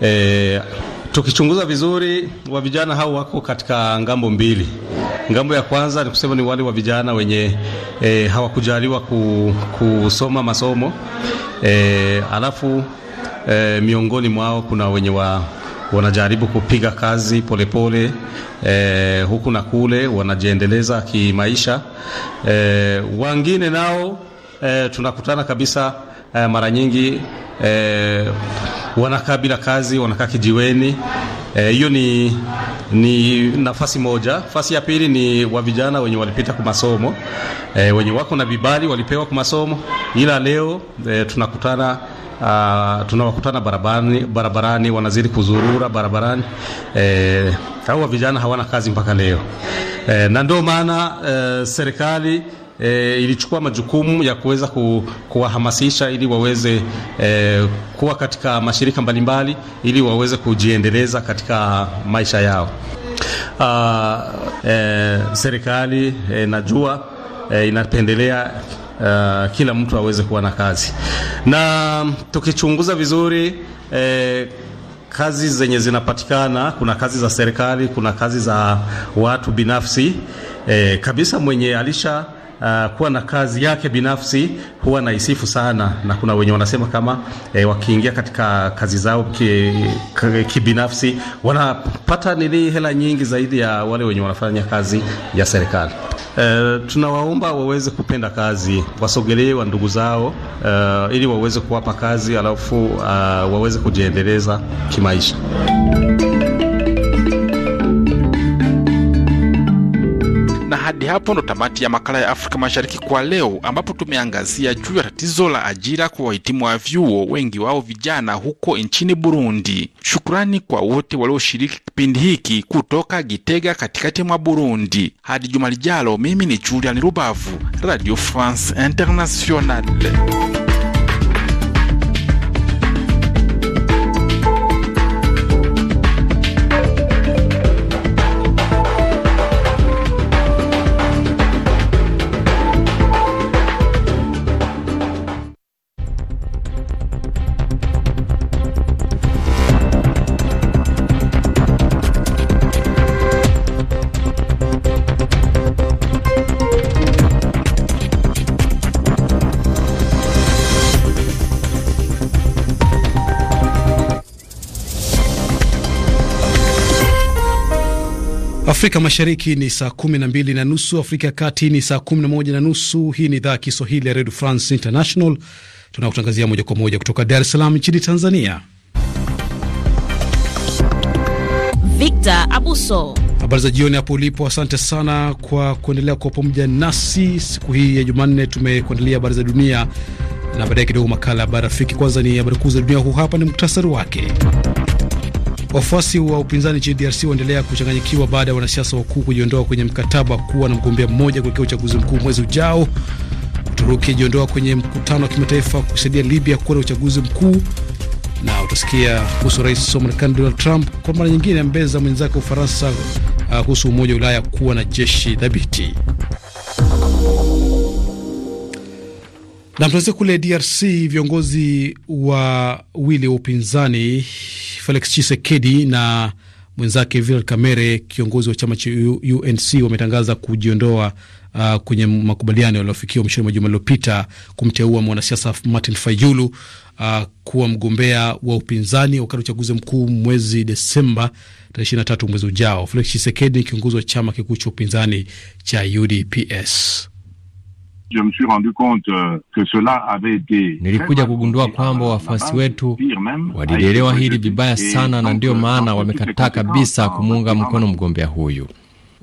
eh, Tukichunguza vizuri, wa vijana hao wako katika ngambo mbili. Ngambo ya kwanza ni kusema ni wale wa vijana wenye e, hawakujaliwa ku, kusoma masomo e, alafu e, miongoni mwao kuna wenye wa wanajaribu kupiga kazi polepole pole, e, huku na kule wanajiendeleza kimaisha. e, wangine nao e, tunakutana kabisa e, mara nyingi e, wanakaa bila kazi, wanakaa kijiweni. Eh, hiyo e, ni, ni nafasi moja. Nafasi ya pili ni wa vijana wenye walipita kwa masomo e, wenye wako na vibali walipewa kwa masomo, ila leo e, tunakutana Uh, tunawakutana barabarani, barabarani wanazidi kuzurura barabarani eh, au vijana hawana kazi mpaka leo eh, na ndio maana eh, serikali e, ilichukua majukumu ya kuweza ku, kuwahamasisha ili waweze e, kuwa katika mashirika mbalimbali ili waweze kujiendeleza katika maisha yao. Uh, e, serikali e, najua e, inapendelea Uh, kila mtu aweze kuwa na kazi na tukichunguza vizuri eh, kazi zenye zinapatikana, kuna kazi za serikali, kuna kazi za watu binafsi eh, kabisa mwenye alisha uh, kuwa na kazi yake binafsi huwa naisifu sana, na kuna wenye wanasema kama eh, wakiingia katika kazi zao kibinafsi ki, ki wanapata nili hela nyingi zaidi ya wale wenye wanafanya kazi ya serikali. Uh, tunawaomba waweze kupenda kazi, wasogelee wa ndugu zao uh, ili waweze kuwapa kazi alafu uh, waweze kujiendeleza kimaisha. hapo ndo tamati ya makala ya Afrika Mashariki kwa leo, ambapo tumeangazia juu ya tatizo la ajira kwa wahitimu wa vyuo, wengi wao vijana huko nchini Burundi. Shukrani kwa wote walioshiriki kipindi hiki kutoka Gitega, katikati mwa Burundi. Hadi juma lijalo, mimi ni Julian Rubavu, Radio France Internationale. Afrika Mashariki ni saa kumi na mbili na nusu, Afrika ya Kati ni saa kumi na moja na nusu. Hii ni idhaa ya Kiswahili ya Redio France International, tunakutangazia moja kwa moja kutoka Dar es Salaam nchini Tanzania. Victor Abuso, habari za jioni hapo ulipo. Asante sana kwa kuendelea kwa pamoja nasi siku hii ya Jumanne. Tumekuandalia habari za dunia na baadaye kidogo makala ya habari rafiki. Kwanza ni habari kuu za dunia, huu hapa ni muktasari wake. Wafuasi wa upinzani nchini DRC waendelea kuchanganyikiwa baada ya wanasiasa wakuu kujiondoa kwenye mkataba kuwa na mgombea mmoja kuelekea uchaguzi mkuu mwezi ujao. Uturuki jiondoa kwenye mkutano wa kimataifa kusaidia Libya kuwa na uchaguzi mkuu, na utasikia kuhusu rais wa Marekani Donald Trump kwa mara nyingine ambeza mwenzake wa Ufaransa ah, kuhusu Umoja wa Ulaya kuwa na jeshi thabiti. Na tuanzie kule DRC. Viongozi wa wili wa upinzani Felix chisekedi na mwenzake Viral Kamere, kiongozi wa chama cha UNC, wametangaza kujiondoa uh, kwenye makubaliano yaliyofikiwa mwishoni mwa juma lililopita kumteua mwanasiasa Martin Fayulu uh, kuwa mgombea wa upinzani wakati uchaguzi mkuu mwezi Desemba tarehe 23 mwezi ujao. Felix ni kiongozi wa chama kikuu cha upinzani cha UDPS je me suis rendu compte euh, que cela avait été, nilikuja kugundua kwamba wafuasi wetu walielewa hili vibaya sana, na ndiyo maana wamekataa kabisa kumuunga mkono mgombea huyu.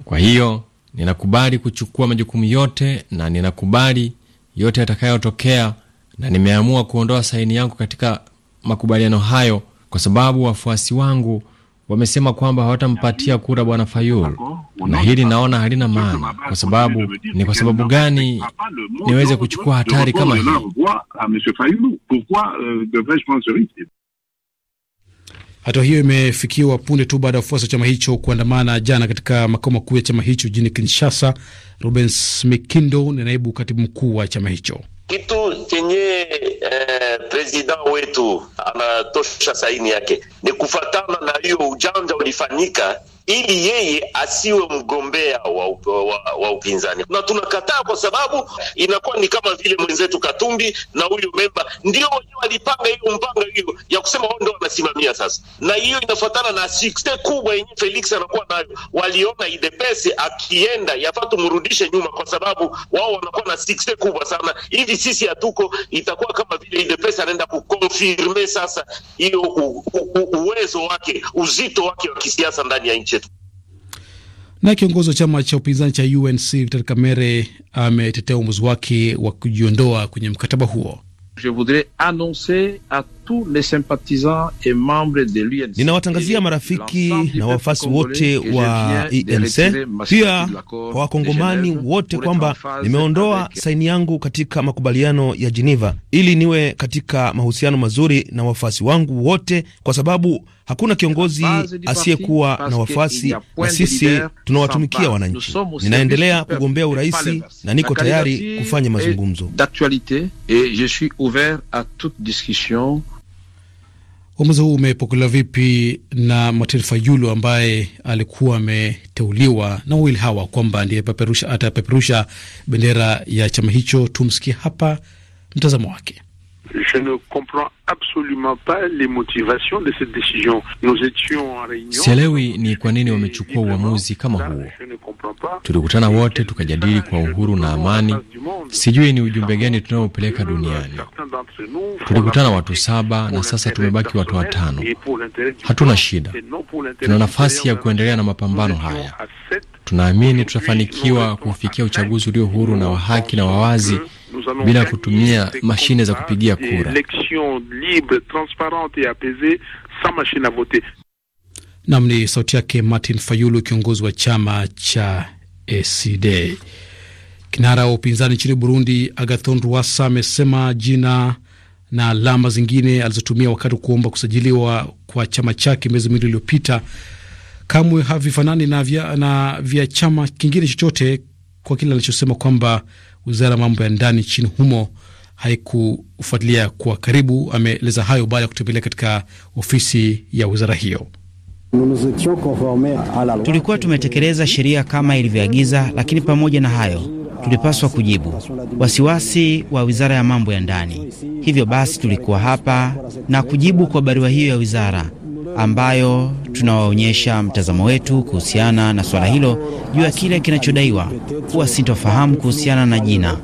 Kwa hiyo ninakubali kuchukua majukumu yote na ninakubali yote yatakayotokea, na nimeamua kuondoa saini yangu katika makubaliano hayo kwa sababu wafuasi wangu wamesema kwamba hawatampatia kura bwana Fayul, na hili naona halina maana. Kwa sababu ni kwa sababu gani niweze kuchukua hatari kama hii? Hatua hiyo imefikiwa punde tu baada ya wafuasi wa chama hicho kuandamana jana katika makao makuu ya chama hicho jijini Kinshasa. Rubens Mikindo ni naibu katibu mkuu wa chama hicho. Kitu chenye eh, president wetu anatosha saini yake, ni kufatana na hiyo ujanja ulifanyika ili yeye asiwe mgombea wa, up, wa, wa upinzani, na tunakataa kwa sababu inakuwa ni kama vile mwenzetu Katumbi na huyu Memba ndio wenyewe walipanga hiyo mpanga hiyo ya kusema wao ndio wanasimamia sasa, na hiyo inafuatana na sikste kubwa yenye Felix anakuwa nayo. Waliona idepesi akienda yafaa tumrudishe nyuma, kwa sababu wao wanakuwa na sikste kubwa sana. Hivi sisi hatuko, itakuwa kama vile idepesi anaenda kukonfirme sasa hiyo uwezo wake, uzito wake wa kisiasa ndani ya nchi. Na kiongozi wa chama cha upinzani cha UNC Vital Kamerhe ametetea uamuzi wake wa kujiondoa kwenye mkataba huo. Je voudrais annoncer à Ninawatangazia marafiki na wafasi wote wa ENC pia kwa wakongomani wote kwamba nimeondoa saini yangu katika makubaliano ya Geneva ili niwe katika mahusiano mazuri na wafasi wangu wote, kwa sababu hakuna kiongozi asiyekuwa na wafasi, na sisi tunawatumikia wananchi. Ninaendelea kugombea urahisi na niko tayari kufanya mazungumzo. Uamuzi huu umepokelewa vipi na Martin Fayulu ambaye alikuwa ameteuliwa na wawili Hawa kwamba ndiye atapeperusha bendera ya chama hicho? Tumsikie hapa mtazamo wake je ne comprends absolument pas les motivations de cette décision. Nous étions en réunion. Sielewi ni kwa nini wamechukua uamuzi kama huo. Tulikutana wote tukajadili kwa uhuru na amani. Sijui ni ujumbe gani tunaopeleka duniani. Tulikutana watu saba na sasa tumebaki watu watano. Hatuna shida, tuna nafasi ya kuendelea na mapambano haya. Tunaamini tutafanikiwa kufikia uchaguzi ulio huru na wa haki na wawazi bila kutumia mashine za kupigia kura. Nam ni sauti yake Martin Fayulu, kiongozi wa chama cha ACD. Kinara wa upinzani nchini Burundi, Agathon Rwasa, amesema jina na alama zingine alizotumia wakati wa kuomba kusajiliwa kwa chama chake miezi miwili iliyopita kamwe havifanani na vya, na vya chama kingine chochote, kwa kile anachosema kwamba wizara ya mambo ya ndani nchini humo haikufuatilia kwa karibu. Ameeleza hayo baada ya kutembelea katika ofisi ya wizara hiyo. Tulikuwa tumetekeleza sheria kama ilivyoagiza, lakini pamoja na hayo tulipaswa kujibu wasiwasi wa wizara ya mambo ya ndani. Hivyo basi tulikuwa hapa na kujibu kwa barua hiyo ya wizara ambayo tunawaonyesha mtazamo wetu kuhusiana na suala hilo juu ya kile kinachodaiwa kuwa sintofahamu kuhusiana na jina.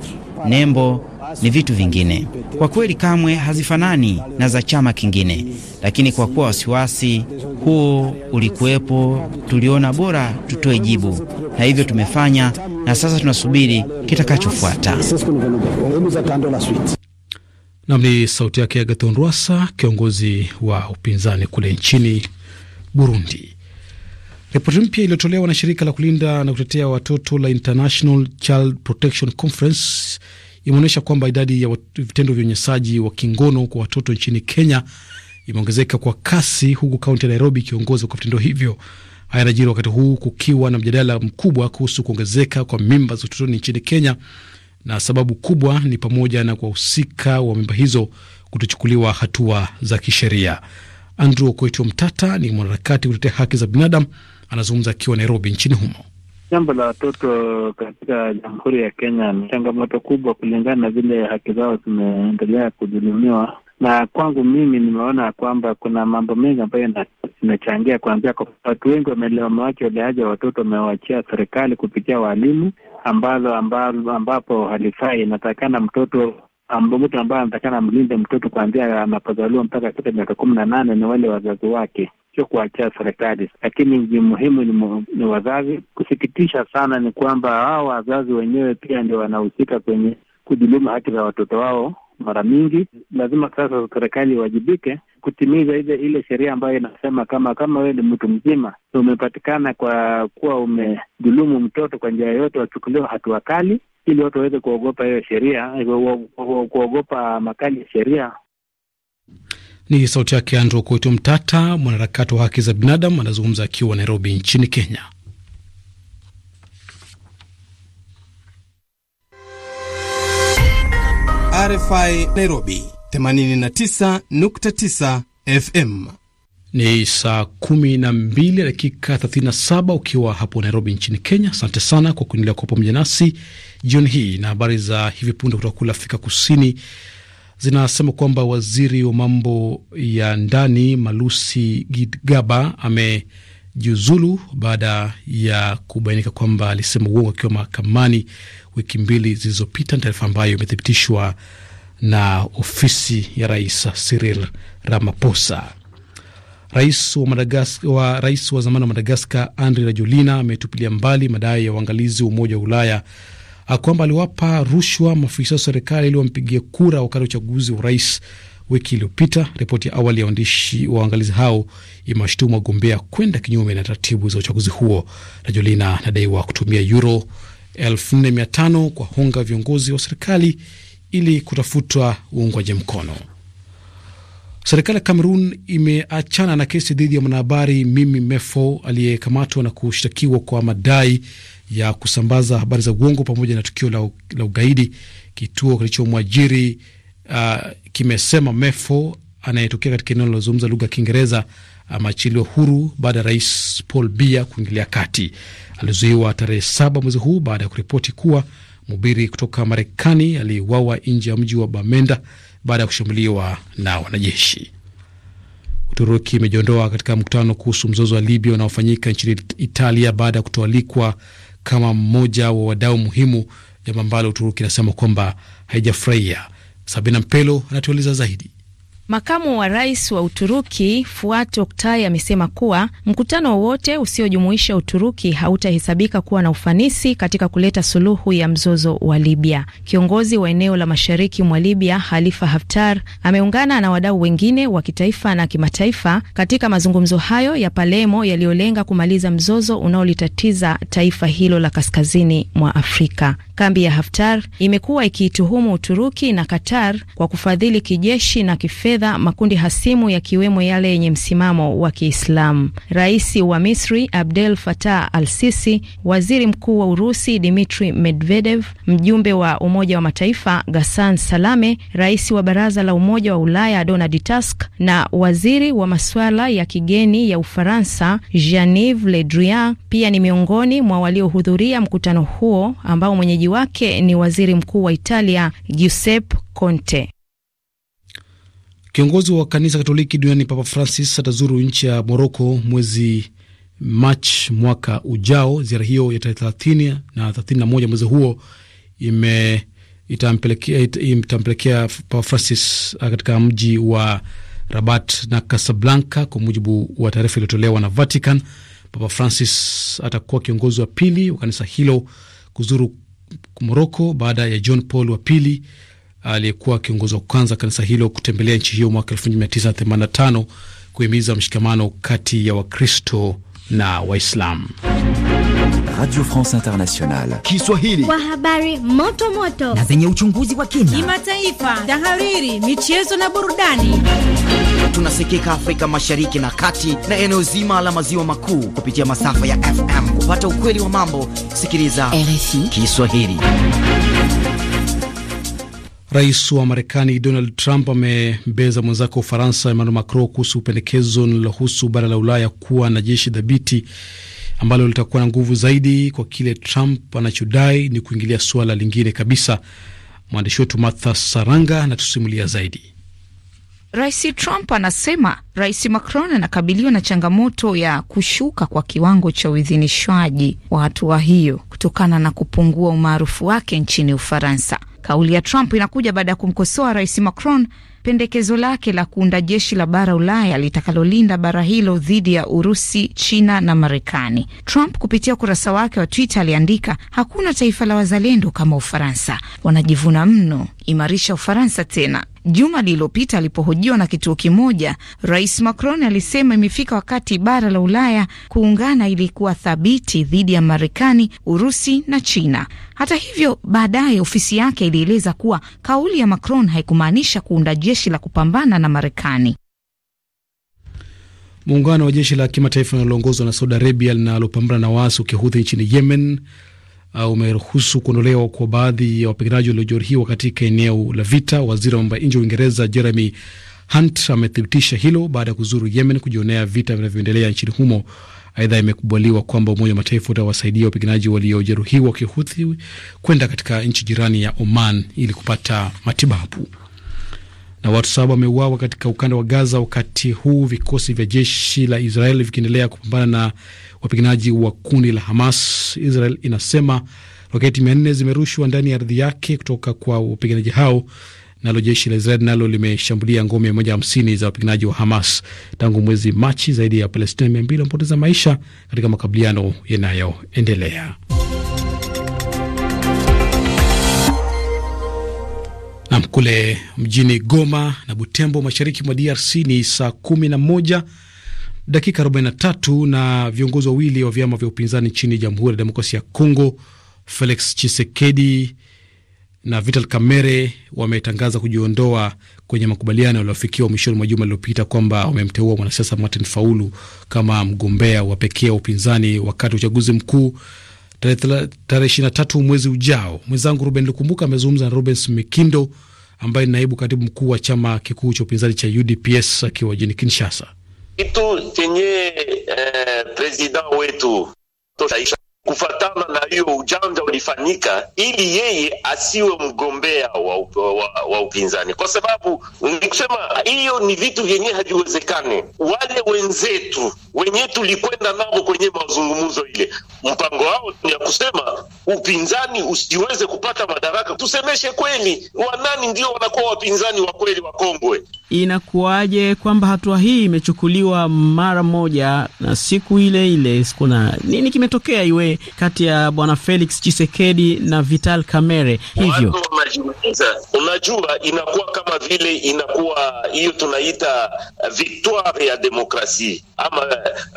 Nembo ni vitu vingine, kwa kweli kamwe hazifanani na za chama kingine, lakini kwa kuwa wasiwasi huo ulikuwepo, tuliona bora tutoe jibu, na hivyo tumefanya, na sasa tunasubiri kitakachofuata. Nam ni sauti yake Agathon Rwasa, kiongozi wa upinzani kule nchini Burundi. Ripoti mpya iliyotolewa na shirika la kulinda na kutetea watoto la International Child Protection Conference imeonyesha kwamba idadi ya vitendo vya unyanyasaji wa kingono kwa watoto nchini Kenya imeongezeka kwa kasi, huku kaunti ya Nairobi ikiongoza kwa vitendo hivyo. Haya yanajiri wakati huu kukiwa na mjadala mkubwa kuhusu kuongezeka kwa mimba za utotoni nchini Kenya na sababu kubwa ni pamoja na kuwahusika wa mimba hizo kutochukuliwa hatua za kisheria. Andrew Okoitio Mtata ni mwanaharakati kutetea haki za binadamu, anazungumza akiwa Nairobi nchini humo. Jambo la watoto katika Jamhuri ya Kenya ni changamoto kubwa, kulingana na vile haki zao zimeendelea kudhulumiwa, na kwangu mimi nimeona kwamba kuna mambo mengi ambayo imechangia kuanzia kwa watu wengi wamewacha uleaji wa watoto, wamewachia serikali kupitia waalimu ambalo ambalo ambapo halifai. Inatakana mtoto mtu ambaye anatakana mlinde mtoto kuanzia anapozaliwa mpaka afika miaka kumi na nane ni wale wazazi wake, sio kuachia serikali. Lakini ni muhimu ni, ni wazazi. Kusikitisha sana ni kwamba hao wazazi wenyewe pia ndio wanahusika kwenye kudhulumu haki za watoto wao mara mingi. Lazima sasa serikali iwajibike kutimiza ile ile sheria ambayo inasema kama kama wewe ni mtu mzima umepatikana kwa kuwa umedhulumu mtoto kwa njia yoyote, wachukuliwa hatua kali, ili watu waweze kuogopa hiyo sheria, kuogopa makali ya sheria. Ni sauti yake Andrew Koitu Mtata, mwanaharakati wa haki za binadamu, anazungumza akiwa Nairobi nchini Kenya. RFI Nairobi 89.9 FM. Ni saa 12 dakika 37 ukiwa hapo Nairobi nchini Kenya. Asante sana kwa kuendelea kwa pamoja nasi jioni hii, na habari za hivi punde kutoka kule Afrika Kusini zinasema kwamba waziri wa mambo ya ndani Malusi Gidgaba amejiuzulu baada ya kubainika kwamba alisema uongo akiwa mahakamani wiki mbili zilizopita. Ni taarifa ambayo imethibitishwa na ofisi ya rais Cyril Ramaphosa. Rais wa, Madagas, wa rais wa zamani wa Madagaskar Andry Rajoelina ametupilia mbali madai ya uangalizi wa Umoja wa Ulaya kwamba aliwapa rushwa maafisa wa serikali ili wampigie kura wakati wa uchaguzi wa urais wiki iliyopita. Ripoti ya awali ya waandishi wa waangalizi hao imewashutumu wagombea kwenda kinyume na taratibu za uchaguzi huo. Rajoelina anadaiwa kutumia euro 45 kwa hunga viongozi wa serikali ili kutafutwa uungwaji mkono. Serikali ya Cameroon imeachana na kesi dhidi ya mwanahabari Mimi Mefo aliyekamatwa na kushtakiwa kwa madai ya kusambaza habari za uongo pamoja na tukio la, la ugaidi. Kituo kilichomwajiri uh, kimesema Mefo anayetokea katika eneo linalozungumza lugha ya Kiingereza ameachiliwa huru baada ya rais Paul bia kuingilia kati alizuiwa tarehe saba mwezi huu baada ya kuripoti kuwa mhubiri kutoka Marekani aliuawa nje ya mji wa Bamenda baada ya kushambuliwa na wanajeshi. Uturuki imejiondoa katika mkutano kuhusu mzozo wa Libya unaofanyika nchini Italia baada ya kutoalikwa kama mmoja wa wadau muhimu, jambo ambalo Uturuki inasema kwamba haijafurahia. Sabina Mpelo anatueleza zaidi. Makamu wa rais wa Uturuki Fuat Oktay amesema kuwa mkutano wowote usiojumuisha Uturuki hautahesabika kuwa na ufanisi katika kuleta suluhu ya mzozo wa Libya. Kiongozi wa eneo la mashariki mwa Libya halifa Haftar ameungana na wadau wengine wa kitaifa na kimataifa katika mazungumzo hayo ya palemo yaliyolenga kumaliza mzozo unaolitatiza taifa hilo la kaskazini mwa Afrika. Kambi ya Haftar imekuwa ikiituhumu Uturuki na Qatar kwa kufadhili kijeshi na kife fedha makundi hasimu yakiwemo yale yenye msimamo wa Kiislamu. Rais wa Misri Abdel Fattah al-Sisi, Waziri Mkuu wa Urusi dmitri Medvedev, mjumbe wa Umoja wa Mataifa gassan Salame, Rais wa Baraza la Umoja wa Ulaya Donald Tusk na Waziri wa masuala ya kigeni ya Ufaransa Jean-Yves Le Drian pia ni miongoni mwa waliohudhuria mkutano huo ambao mwenyeji wake ni Waziri Mkuu wa Italia Giuseppe Conte. Kiongozi wa kanisa Katoliki duniani Papa Francis atazuru nchi ya Moroko mwezi Machi mwaka ujao. Ziara hiyo ya tarehe thelathini na thelathini na moja mwezi huo ime itampelekea itampelekea Papa Francis katika mji wa Rabat na Casablanca. Kwa mujibu wa taarifa iliyotolewa na Vatican, Papa Francis atakuwa kiongozi wa pili wa kanisa hilo kuzuru Moroko baada ya John Paul wa pili aliyekuwa kiongozi wa kwanza kanisa hilo kutembelea nchi hiyo mwaka 1985 kuhimiza mshikamano kati ya Wakristo na Waislamu. Radio France Internationale Kiswahili, kwa habari moto moto na zenye uchunguzi wa kina, kimataifa, tahariri, michezo na burudani. Tunasikika Afrika Mashariki na Kati na eneo zima la maziwa makuu kupitia masafa ya FM. Kupata ukweli wa mambo, sikiliza RFI Kiswahili. Rais wa Marekani Donald Trump amembeza mwenzake wa Ufaransa Emmanuel Macron kuhusu pendekezo linalohusu bara la Ulaya kuwa na jeshi dhabiti ambalo litakuwa na nguvu zaidi, kwa kile Trump anachodai ni kuingilia suala lingine kabisa. Mwandishi wetu Martha Saranga anatusimulia zaidi. Rais Trump anasema Rais Macron anakabiliwa na changamoto ya kushuka kwa kiwango cha uidhinishwaji wa hatua hiyo kutokana na kupungua umaarufu wake nchini Ufaransa. Kauli ya Trump inakuja baada ya kumkosoa Rais Macron pendekezo lake la kuunda jeshi la bara Ulaya litakalolinda bara hilo dhidi ya Urusi, China na Marekani. Trump kupitia ukurasa wake wa Twitter aliandika, hakuna taifa la wazalendo kama Ufaransa, wanajivuna mno imarisha Ufaransa tena. Juma lililopita alipohojiwa na kituo kimoja, Rais Macron alisema imefika wakati bara la Ulaya kuungana ili kuwa thabiti dhidi ya Marekani, Urusi na China. Hata hivyo, baadaye ofisi yake ilieleza kuwa kauli ya Macron haikumaanisha kuunda jeshi la kupambana na Marekani. Muungano wa jeshi la kimataifa linaloongozwa na Saudi Arabia linalopambana na waasi ukihudhi nchini Yemen uh, umeruhusu kuondolewa kwa baadhi ya wapiganaji waliojeruhiwa katika eneo la vita. Waziri wa mambo ya nje wa Uingereza Jeremy Hunt amethibitisha hilo baada ya kuzuru Yemen kujionea vita vinavyoendelea nchini humo. Aidha, imekubaliwa kwamba Umoja wa Mataifa utawasaidia wapiganaji waliojeruhiwa kihuthi kwenda katika nchi jirani ya Oman ili kupata matibabu. Na watu saba wameuawa katika ukanda wa Gaza, wakati huu vikosi vya jeshi la Israel vikiendelea kupambana na wapiganaji wa kundi la Hamas. Israel inasema roketi mia nne zimerushwa ndani ya ardhi yake kutoka kwa wapiganaji hao. Nalo jeshi la Israel nalo limeshambulia ngome 150 za wapiganaji wa Hamas tangu mwezi Machi. Zaidi ya Palestina mbili wamepoteza maisha katika makabiliano yanayoendelea. Nam, kule mjini Goma na Butembo, mashariki mwa DRC ni saa 11 dakika 43 na viongozi wawili wa vyama vya upinzani nchini Jamhuri ya Demokrasia ya Kongo, Felix Chisekedi na Vital Kamerhe wametangaza kujiondoa kwenye makubaliano yaliyofikiwa mwishoni mwa juma lililopita kwamba wamemteua mwanasiasa Martin faulu kama mgombea wa pekee wa upinzani wakati wa uchaguzi mkuu tarehe 23 mwezi ujao. Mwenzangu Ruben Lukumbuka amezungumza na Robens Mikindo ambaye ni naibu katibu mkuu wa chama kikuu cha upinzani cha UDPS akiwa jijini Kinshasa. itu tenye eh, president wetu toshaisha kufatana na hiyo ujanja ulifanyika ili yeye asiwe mgombea wa, wa, wa upinzani, kwa sababu nikusema hiyo ni vitu vyenye haviwezekane. Wale wenzetu wenye tulikwenda nao kwenye mazungumzo ile, mpango wao ni ya kusema upinzani usiweze kupata madaraka. Tusemeshe kweli, wanani ndio wanakuwa wapinzani wa kweli wa kongwe? Inakuwaje kwamba hatua hii imechukuliwa mara moja na siku ile ile? Sikuna nini kimetokea iwe kati ya bwana Felix Chisekedi na Vital Kamerhe. Hivyo wanajiuliza, unajua, inakuwa kama vile inakuwa hiyo tunaita uh, victoire ya demokrasia ama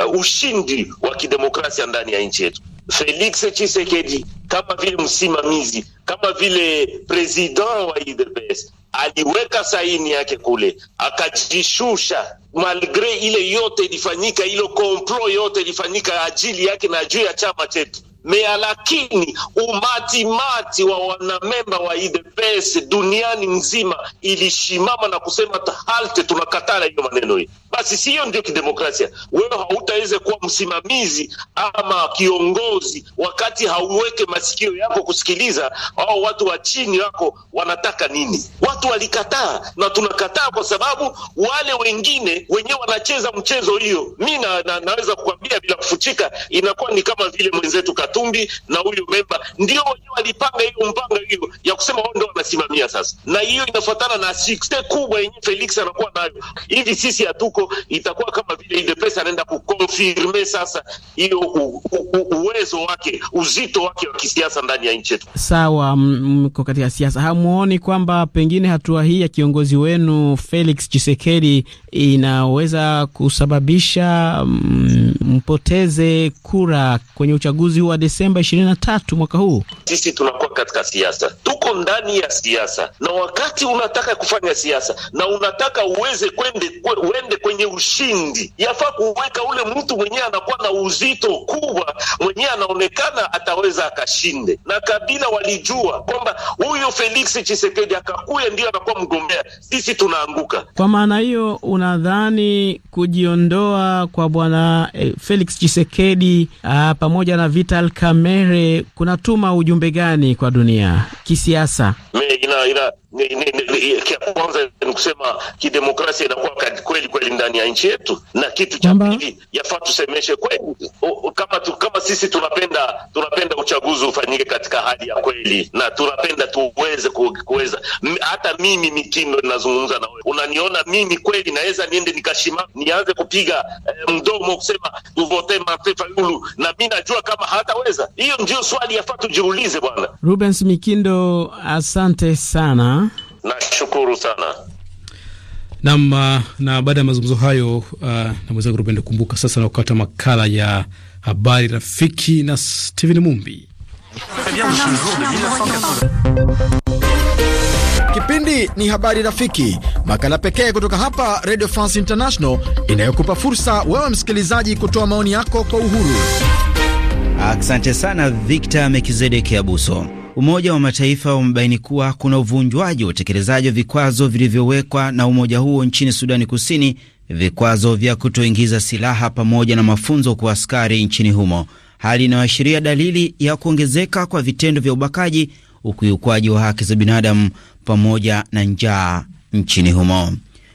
uh, ushindi wa kidemokrasia ndani ya nchi yetu. Felix Tshisekedi kama vile msimamizi, kama vile president wa UDPS aliweka saini yake kule, akajishusha malgre ile yote ilifanyika, ilo komplo yote ilifanyika ajili yake na juu ya chama chetu mea lakini umatimati wa wanamemba wa UDPS duniani nzima ilishimama na kusema halte, tunakatala hiyo maneno hii basi hiyo ndio kidemokrasia. Wewe hautaweza kuwa msimamizi ama kiongozi wakati hauweke masikio yako kusikiliza au watu wa chini yako wanataka nini. Watu walikataa na tunakataa kwa sababu wale wengine wenyewe wanacheza mchezo hiyo. Mi na, na, naweza kukwambia bila kufuchika, inakuwa ni kama vile mwenzetu Katumbi na huyu Memba ndio wenyewe walipanga hiyo mpanga hiyo ya kusema wao ndio wanasimamia sasa, na hiyo inafuatana na sikte kubwa yenyewe Felix anakuwa nayo hivi. Sisi hatuko itakuwa kama vile ile pesa anaenda kukonfirme sasa hiyo uwezo wake uzito wake wa kisiasa ndani ya nchi yetu. Sawa, mko katika siasa, hamuoni kwamba pengine hatua hii ya kiongozi wenu Felix Tshisekedi inaweza kusababisha mpoteze kura kwenye uchaguzi huu wa Desemba ishirini na tatu mwaka huu? Sisi tunakuwa katika siasa, tuko ndani ya siasa, na wakati unataka kufanya siasa na unataka uweze kwende kwende kwenye mwenye ushindi, yafaa kuweka ule mtu mwenyewe anakuwa na uzito kubwa, mwenyewe anaonekana ataweza akashinde. Na Kabila walijua kwamba huyu Felix Chisekedi akakuya ndio anakuwa mgombea, sisi tunaanguka. Kwa maana hiyo, unadhani kujiondoa kwa bwana eh, Felix Chisekedi ah, pamoja na Vital Kamerhe kunatuma ujumbe gani kwa dunia kisiasa? Me, ina, ina ni, ni, ni, kia kwanza ni kusema kidemokrasia inakuwa kweli kweli ndani ya nchi yetu, na kitu cha pili yafaa tusemeshe kweli kama, tu, kama sisi tunapenda tunapenda uchaguzi ufanyike katika hali ya kweli, na tunapenda tuweze kuweza. Hata mimi Mikindo ninazungumza na wewe, unaniona mimi kweli naweza niende nikashima nianze kupiga eh, mdomo kusema tuvote Martin Fayulu, na mi najua kama hataweza. Hiyo ndio swali yafaa tujiulize, bwana Rubens Mikindo. Asante sana Nashukuru sana nam. Uh, na baada ya mazungumzo hayo uh, na mwenzangu Rubende Kumbuka, sasa na makala ya habari rafiki na Steven Mumbi. Kipindi ni habari rafiki, makala pekee kutoka hapa Radio France International inayokupa fursa wewe msikilizaji kutoa maoni yako kwa uhuru. Asante sana Victor Melkizedeki Abuso. Umoja wa Mataifa umebaini kuwa kuna uvunjwaji wa utekelezaji wa vikwazo vilivyowekwa na umoja huo nchini Sudani Kusini, vikwazo vya kutoingiza silaha pamoja na mafunzo kwa askari nchini humo, hali inayoashiria dalili ya kuongezeka kwa vitendo vya ubakaji, ukiukwaji wa haki za binadamu pamoja na njaa nchini humo.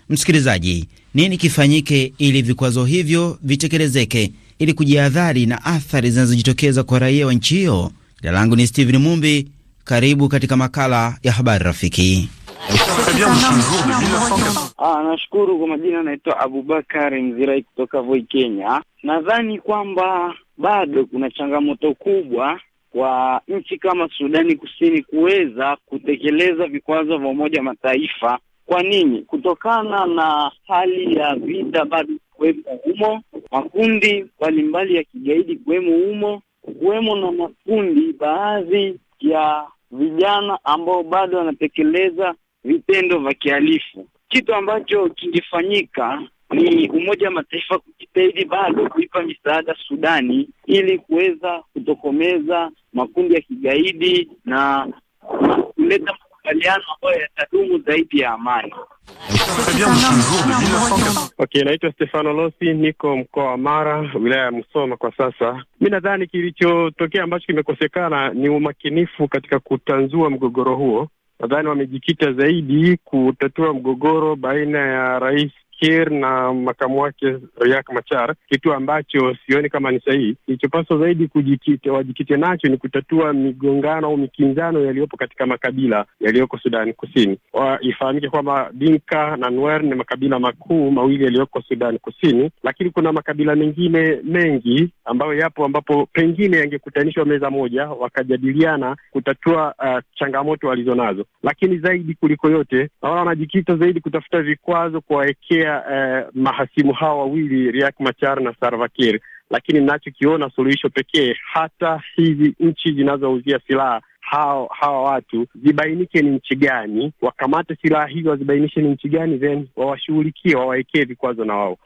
Msikilizaji, nini kifanyike ili vikwazo hivyo vitekelezeke ili kujiadhari na athari zinazojitokeza kwa raia wa nchi hiyo? Jina langu ni Steven Mumbi. Karibu katika makala ya habari rafiki. Ah, nashukuru kwa majina, anaitwa Abubakar Mzirai kutoka Voi, Kenya. Nadhani kwamba bado kuna changamoto kubwa kwa nchi kama Sudani Kusini kuweza kutekeleza vikwazo vya Umoja wa Mataifa. Kwa nini? Kutokana na hali ya vita bado kuwepo humo, makundi mbalimbali ya kigaidi kuwemo humo, kuwemo na makundi baadhi ya vijana ambao bado wanatekeleza vitendo vya kihalifu. Kitu ambacho kingefanyika ni Umoja wa Mataifa kujitahidi bado kuipa misaada Sudani ili kuweza kutokomeza makundi ya kigaidi na kuleta makubaliano ambayo yatadumu zaidi ya amani. Okay, naitwa Stefano Losi, niko mkoa wa Mara, wilaya ya Musoma kwa sasa. Mi nadhani kilichotokea ambacho kimekosekana ni umakinifu katika kutanzua mgogoro huo. Nadhani wamejikita zaidi kutatua mgogoro baina ya Rais Kir na makamu wake Riak Machar, kitu ambacho sioni kama ni sahihi. Kilichopaswa zaidi kujikite, wajikite nacho ni kutatua migongano au mikinzano yaliyopo katika makabila yaliyoko Sudani Kusini. Ifahamike kwamba Dinka na Nuer ni makabila makuu mawili yaliyoko Sudani Kusini, lakini kuna makabila mengine mengi ambayo yapo ambapo pengine yangekutanishwa meza moja wakajadiliana kutatua uh, changamoto walizonazo. Lakini zaidi kuliko yote, naona wanajikita zaidi kutafuta vikwazo kuwawekea kuwania eh, mahasimu hawa wawili Riek Machar na Salva Kiir, lakini nachokiona suluhisho pekee, hata hizi nchi zinazouzia silaha hao hawa watu zibainike ni nchi gani, wakamate silaha hizo, wazibainishe ni nchi gani, then wawashughulikie, wawawekee vikwazo na wao.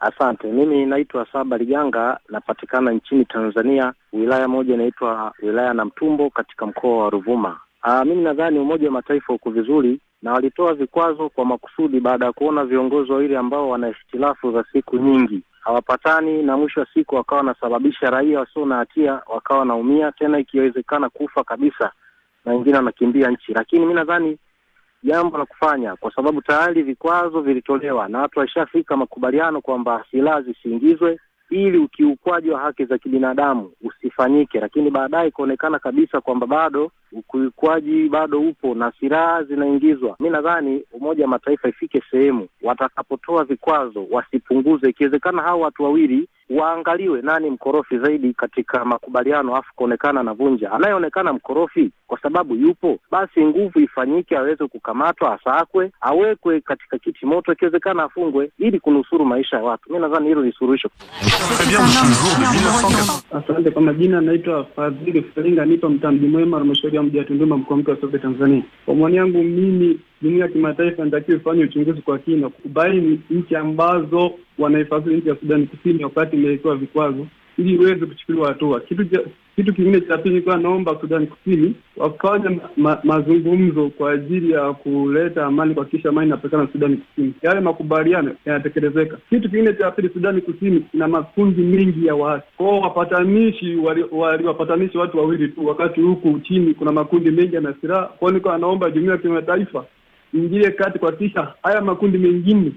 Asante. Mimi naitwa Saba Liganga, napatikana nchini Tanzania, wilaya moja inaitwa wilaya na Namtumbo katika mkoa wa Ruvuma. Uh, mimi nadhani Umoja wa Mataifa uko vizuri na walitoa vikwazo kwa makusudi baada ya kuona viongozi wawili ambao wana ikhtilafu za siku nyingi hawapatani, na mwisho wa siku wakawa wanasababisha raia wasio na hatia wakawa wanaumia, tena ikiwezekana kufa kabisa, na wengine wanakimbia nchi. Lakini mi nadhani jambo la kufanya, kwa sababu tayari vikwazo vilitolewa na watu waishafika makubaliano kwamba silaha zisiingizwe ili ukiukwaji wa haki za kibinadamu usifanyike, lakini baadaye ikaonekana kabisa kwamba bado ukiukwaji bado upo na silaha zinaingizwa. Mi nadhani Umoja wa Mataifa ifike sehemu watakapotoa vikwazo wasipunguze, ikiwezekana hao watu wawili waangaliwe nani mkorofi zaidi katika makubaliano, afu kuonekana na vunja. Anayeonekana mkorofi kwa sababu yupo, basi nguvu ifanyike, aweze kukamatwa, asakwe, awekwe katika kiti moto, ikiwezekana afungwe, ili kunusuru maisha ya watu. Mi nadhani hilo ni suluhisho. Asante kwa majina, anaitwa Fadhili Faringa, nipo mtaa Mji Mwema, halmashauri ya mji wa Tunduma, mkoa mpya wa Songwe, Tanzania. Kwa maoni yangu mimi jumuiya ya kimataifa inatakiwa ifanye uchunguzi kwa kina kubaini nchi ambazo wanahifadhi nchi ya Sudani Kusini wakati imewekewa vikwazo ili iweze kuchukuliwa hatua. Kitu kitu kingine cha pili, ilikuwa naomba Sudani Kusini wafanye ma, ma, mazungumzo kwa ajili ya kuleta amani, kuhakikisha amani inapatikana Sudani Kusini, yale makubaliano yanatekelezeka. Kitu kingine cha pili, Sudani Kusini ina makundi mengi ya waasi kwao, wapatanishi waliwapatanishi wali, watu wawili tu, wakati huku chini kuna makundi mengi yana silaha kwao. Niko anaomba jumuia ya kimataifa ingilie kati kuhakikisha haya makundi mengine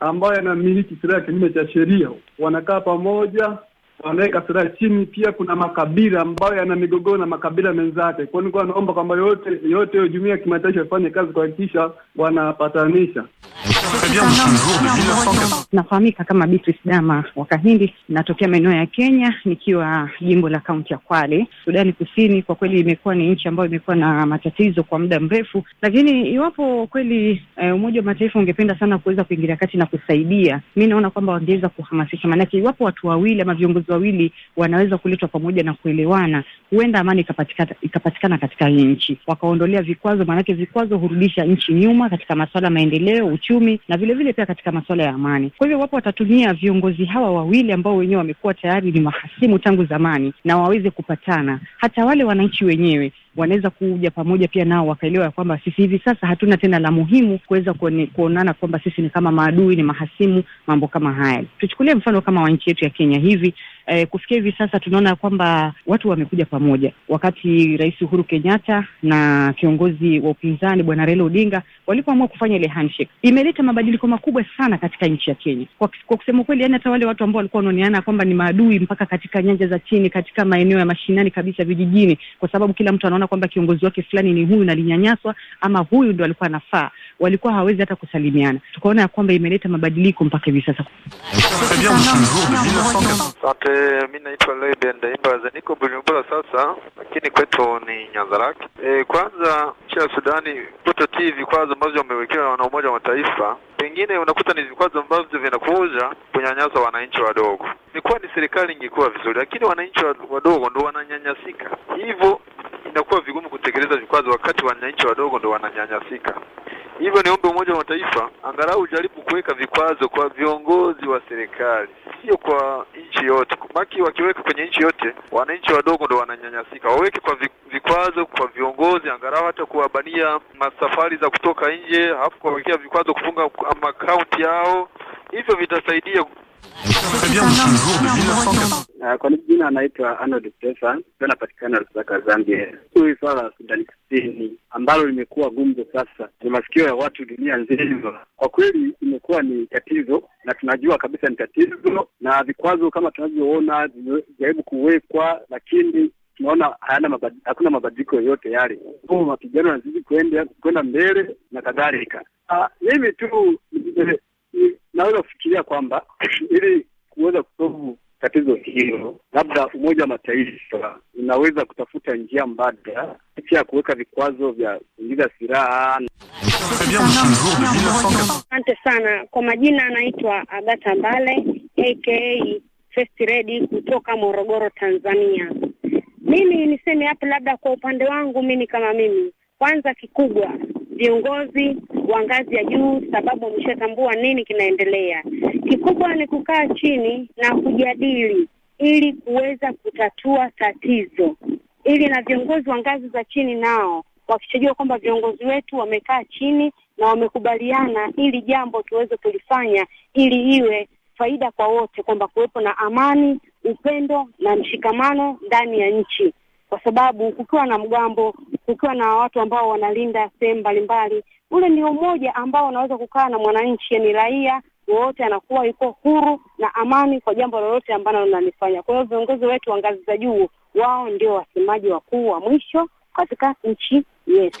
ambayo yanamiliki silaha kinyume cha sheria wanakaa pamoja wanaweka silaha chini. Pia kuna makabila ambayo yana migogoro na makabila menzake, kwa nikuwa naomba kwamba yote yote hiyo jumuia ya kimataifa ifanye kazi kuhakikisha wanapatanisha. Nafahamika kama Beatrice Dama wa Kahindi, natokea maeneo ya Kenya, nikiwa jimbo la kaunti ya Kwale. Sudani Kusini kwa kweli imekuwa ni nchi ambayo imekuwa na matatizo kwa muda mrefu, lakini iwapo kweli eh, Umoja wa Mataifa ungependa sana kuweza kuingilia kati na kusaidia, mi naona kwamba wangeweza kuhamasisha, maanake iwapo watu wawili ama viongozi wawili wanaweza kuletwa pamoja na kuelewana, huenda amani ikapatikana ikapatikana katika hii nchi, wakaondolea vikwazo, maanake vikwazo hurudisha nchi nyuma katika masuala ya maendeleo, uchumi na vilevile vile pia katika masuala ya amani. Kwa hivyo wapo watatumia viongozi hawa wawili ambao wenyewe wamekuwa tayari ni mahasimu tangu zamani, na waweze kupatana, hata wale wananchi wenyewe wanaweza kuja pamoja pia nao wakaelewa ya kwamba sisi hivi sasa hatuna tena la muhimu kuweza kuonana kwamba sisi ni kama maadui, ni mahasimu, mambo kama haya. Tuchukulie mfano kama wa nchi yetu ya Kenya hivi eh, kufikia hivi sasa tunaona kwamba watu wamekuja pamoja, wakati Rais Uhuru Kenyatta na kiongozi wa upinzani Bwana Raila Odinga walipoamua kufanya ile handshake, imeleta mabadiliko makubwa sana katika nchi ya Kenya. Kwa, kwa kusema kweli, yani hata wale watu ambao walikuwa wanaoneana kwamba ni maadui mpaka katika nyanja za chini, katika maeneo ya mashinani kabisa, vijijini, kwa sababu kila mtu anaona kwamba kiongozi wake fulani ni huyu nalinyanyaswa, ama huyu ndo alikuwa anafaa, walikuwa hawezi hata kusalimiana. Tukaona ya kwamba imeleta mabadiliko mpaka hivi sasa. Eh, mi naitwa Leben Daimbaza, niko Bujumbura sasa, lakini kwetu ni Nyanzarake. E, eh, kwanza nchi ya Sudani kutotii vikwazo ambavyo wamewekewa na Umoja wa Mataifa, pengine unakuta ni vikwazo ambavyo vinakuja kunyanyasa wananchi wadogo. Nikuwa ni serikali ingekuwa vizuri, lakini wananchi wadogo ndo wananyanyasika, hivyo inakuwa vigumu kutekeleza vikwazo wakati wananchi wadogo ndo wananyanyasika. Hivyo niombe Umoja wa Mataifa angalau ujaribu kuweka vikwazo kwa viongozi wa serikali, sio kwa nchi yote. baki wakiweka kwenye nchi yote, wananchi wadogo ndo wananyanyasika. Waweke kwa vikwazo kwa viongozi, angalau hata kuwabania masafari za kutoka nje, halafu kuwawekea vikwazo, kufunga makaunti yao. Hivyo vitasaidia Ah, kwa jina anaitwa Arnold anapatikana Lusaka, Zambia. Hili swala la Sudani Kusini ambalo limekuwa gumzo sasa ni masikio ya watu dunia nzima, kwa kweli imekuwa ni tatizo, na tunajua kabisa ni tatizo, na vikwazo kama tunavyoona vimejaribu kuwekwa, lakini tunaona hakuna mabadiliko yoyote yale, mapigano yanazidi kwenda mbele na kadhalika. Ah, mimi tu naweza kufikiria kwamba ili kuweza kusovu tatizo hilo, labda Umoja wa Mataifa unaweza kutafuta njia mbadala licha ya kuweka vikwazo vya kuingiza silaha. Asante sana kwa majina, anaitwa Agata Mbale aka First kutoka Morogoro, Tanzania. Mimi niseme hapo, labda kwa upande wangu, mimi kama mimi, kwanza kikubwa viongozi wa ngazi ya juu, sababu wameshatambua nini kinaendelea. Kikubwa ni kukaa chini na kujadili ili kuweza kutatua tatizo, ili na viongozi wa ngazi za chini nao wakishajua kwamba viongozi wetu wamekaa chini na wamekubaliana, ili jambo tuweze kulifanya ili iwe faida kwa wote, kwamba kuwepo na amani, upendo na mshikamano ndani ya nchi kwa sababu kukiwa na mgambo, kukiwa na watu ambao wanalinda sehemu mbalimbali, ule ni umoja ambao unaweza kukaa na mwananchi, ni raia wote anakuwa yuko huru na amani kwa jambo lolote ambalo linanifanya. Kwa hiyo viongozi wetu wa ngazi za juu, wao ndio wasemaji wakuu wa mwisho katika nchi yetu.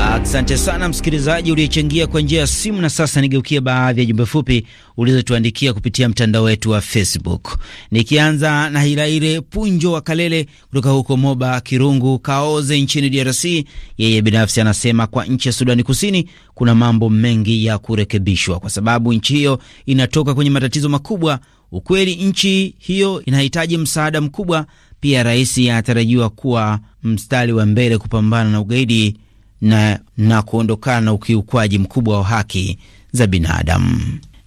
Asante sana msikilizaji uliyechangia kwa njia ya simu. Na sasa nigeukie baadhi ya jumbe fupi ulizotuandikia kupitia mtandao wetu wa Facebook, nikianza na Hilaire Punjo wa Kalele kutoka huko Moba Kirungu Kaoze nchini DRC. Yeye binafsi anasema kwa nchi ya Sudani Kusini kuna mambo mengi ya kurekebishwa, kwa sababu nchi hiyo inatoka kwenye matatizo makubwa. Ukweli nchi hiyo inahitaji msaada mkubwa. Pia rais anatarajiwa kuwa mstari wa mbele kupambana na ugaidi na, na kuondokana na ukiukwaji mkubwa wa haki za binadamu.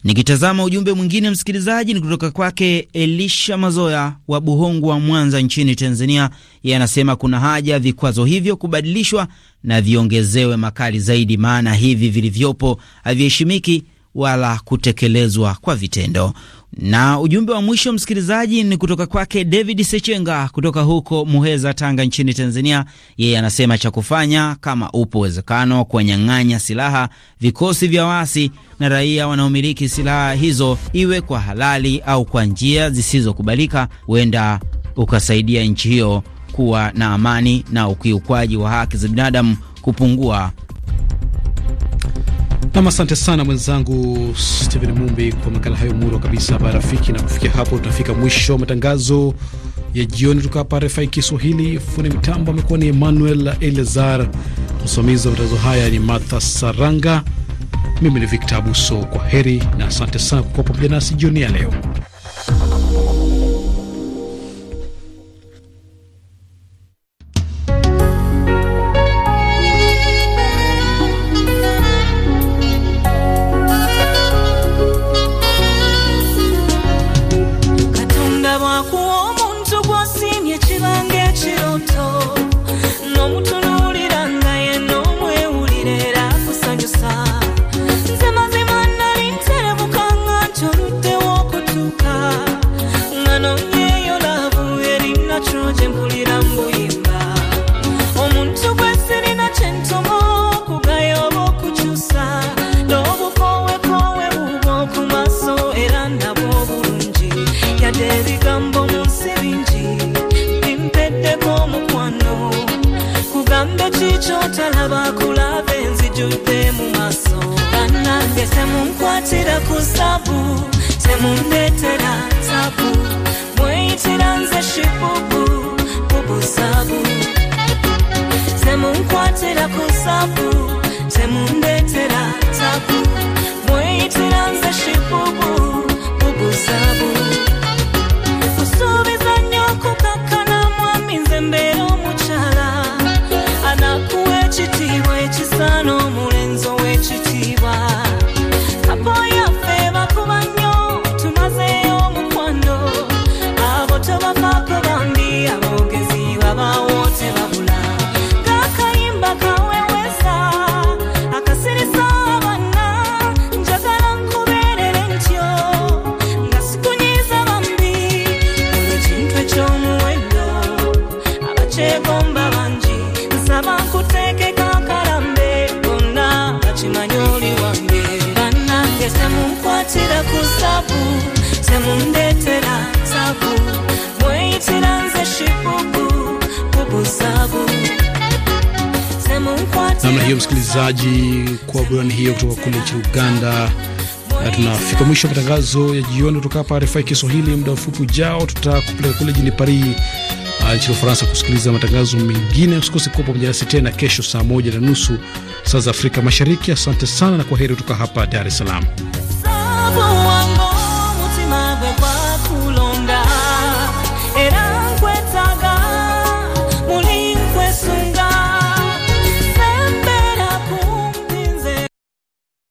Nikitazama ujumbe mwingine msikilizaji, ni kutoka kwake Elisha Mazoya wa Buhongwa wa Mwanza nchini Tanzania. Yeye anasema kuna haja vikwazo hivyo kubadilishwa na viongezewe makali zaidi, maana hivi vilivyopo haviheshimiki wala kutekelezwa kwa vitendo. Na ujumbe wa mwisho msikilizaji ni kutoka kwake David Sechenga kutoka huko Muheza, Tanga nchini Tanzania. Yeye anasema cha kufanya kama upo uwezekano wa kuwanyang'anya silaha vikosi vya waasi na raia wanaomiliki silaha hizo, iwe kwa halali au kwa njia zisizokubalika, huenda ukasaidia nchi hiyo kuwa na amani na ukiukwaji wa haki za binadamu kupungua Nam, asante sana mwenzangu stehen Mumbi kwa makala hayo murwa kabisa. hapa Rafiki, na kufikia hapo tunafika mwisho wa matangazo ya jioni kutoka hapa RFI Kiswahili. Fundi mitambo amekuwa ni Emmanuel Elezar, msimamizi wa matangazo haya ni Martha Saranga, mimi ni Victor Abuso. Kwa heri na asante sana kwa kuwa pamoja nasi jioni ya leo. Nze temunkwatira ku ssaabu temundeetera nsaabu mweyitira nze shibubu bubusabu Nze ku ssaabu temundeetera nsaabu mweyitira nze shibubu bubusabu namna hiyo, msikilizaji, kwa burani hiyo kutoka kule nchini Uganda. Na tunafika mwisho matangazo ya jioni kutoka hapa RFI Kiswahili. Muda mfupi ujao, tutakupeleka kule jini Paris ah, nchini Ufaransa kusikiliza matangazo mengine. Usikose kuwa pamoja nasi tena kesho saa moja na nusu saa za Afrika Mashariki. Asante sana na kwa heri kutoka hapa Dar es Salaam.